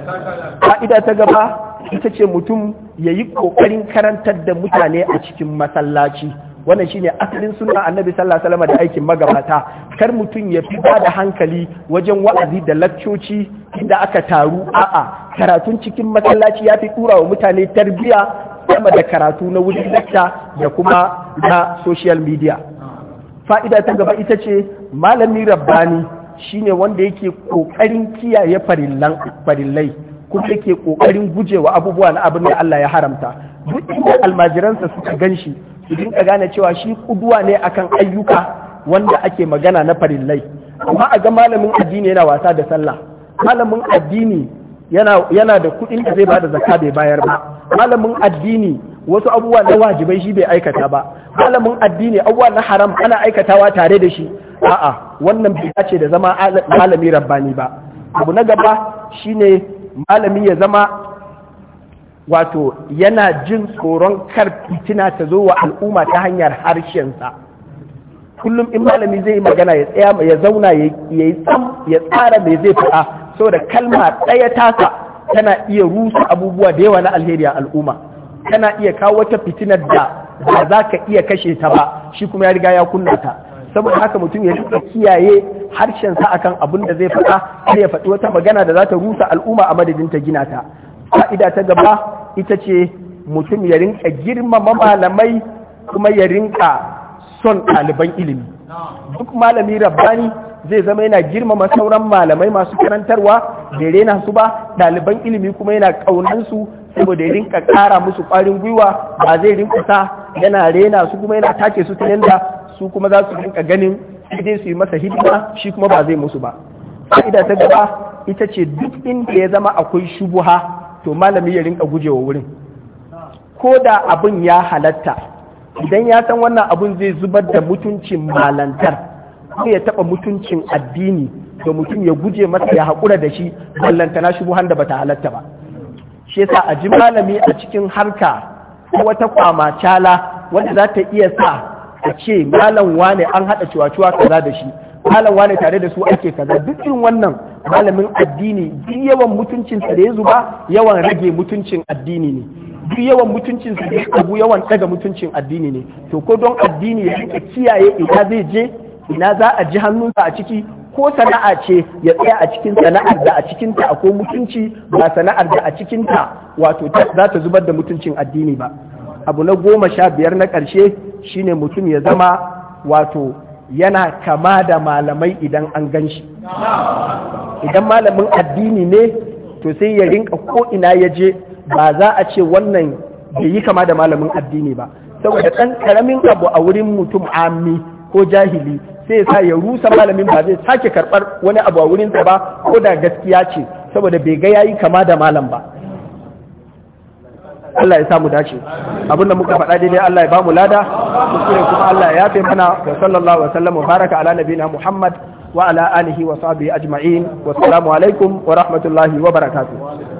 ka'ida ta gaba ita ce mutum ya yi ƙoƙarin karantar da mutane a cikin masallaci wannan shine asalin sunna annabi sallallahu alaihi wasallam da aikin magabata kar mutum ya fi bada hankali wajen wa'azi da lakcoci inda aka taru a'a karatun cikin masallaci ya fi dura wa mutane tarbiya sama da karatu na wuri lakta da kuma na social media fa'ida ta gaba ita ce malami rabbani shine wanda yake kokarin kiyaye farillan farillai kuma yake kokarin gujewa abubuwa na abin da Allah ya haramta duk inda almajiransa suka ganshi su dinka gane cewa shi kuduwa ne akan ayyuka wanda ake magana na farillai amma a ga malamin addini yana wasa da sallah malamin addini yana da kuɗin da zai bada zakka bai bayar ba malamin addini wasu abubuwa na wajibai shi bai aikata ba malamin addini abubuwa na haram ana aikatawa tare da shi a'a wannan bai dace da zama malami rabbani ba abu na gaba shine malami ya zama wato yana jin tsoron kar fitina ta zo wa al'umma ta hanyar harshensa kullum in malami zai magana ya tsaya ya zauna ya ya tsara mai zai faɗa saboda kalma ɗaya tasa tana iya rusa abubuwa da yawa na alheri a al'umma tana iya kawo wata fitinar da ba za ka iya kashe ta ba shi kuma ya riga ya kunna ta saboda haka mutum ya rika kiyaye harshensa akan abin da zai faɗa kar ya faɗi wata magana da za ta rusa al'umma a madadin ta gina ta fa'ida ta gaba ita ce mutum ya rinka girmama malamai kuma ya rinka son ɗaliban ilimi duk malami rabbani zai zama yana girmama sauran malamai masu karantarwa da rena su ba ɗaliban ilimi kuma yana ƙaunansu saboda ya rinka ƙara musu ƙwarin gwiwa ba zai rinka sa yana rena su kuma yana take su ta yanda su kuma za su rinka ganin sai su yi masa hidima shi kuma ba zai musu ba fa'ida ta gaba ita ce duk inda ya zama akwai shubuha to malami ya rinka gujewa wurin ko da abin ya halatta idan ya san wannan abin zai zubar da mutuncin malantar ko ya taɓa mutuncin addini to mutum ya guje masa ya haƙura da shi ballantana shi buhan da bata halatta ba shi yasa a ji malami a cikin harka ko wata kwamacala wanda za ta iya sa a ce malam wane an haɗa cuwa-cuwa kaza da shi malam wane tare da su ake kaza duk irin wannan malamin addini duk yawan mutuncinsa da ya zuba yawan rage mutuncin addini ne duk yawan mutuncinsa da ya abu yawan daga mutuncin addini ne to ko don addini ya rika kiyaye ina zai je ina za a ji hannunsa a ciki ko sana'a ce ya tsaya a cikin sana'ar da a cikin ta akwai mutunci ba sana'ar da a cikin ta wato za ta zubar da mutuncin addini ba abu na goma sha biyar na ƙarshe shine mutum ya zama wato yana kama da malamai idan an gan shi idan malamin addini ne to sai ya rinka ko ina ya je ba za a ce wannan bai yi kama da malamin addini ba saboda ɗan karamin abu a wurin mutum ami ko jahili sai sa ya rusa malamin ba zai sake karɓar wani abu a wurinsa ba ko da gaskiya ce saboda bai ga yayi kama da malam ba Allah ya samu dace abinda muka faɗa daidai Allah ya bamu lada kuskure kuma Allah ya yafe mana wa sallallahu wa sallam wa baraka ala nabiyina Muhammad wa ala alihi wa sahbihi ajma'in wa assalamu alaikum wa rahmatullahi wa barakatuh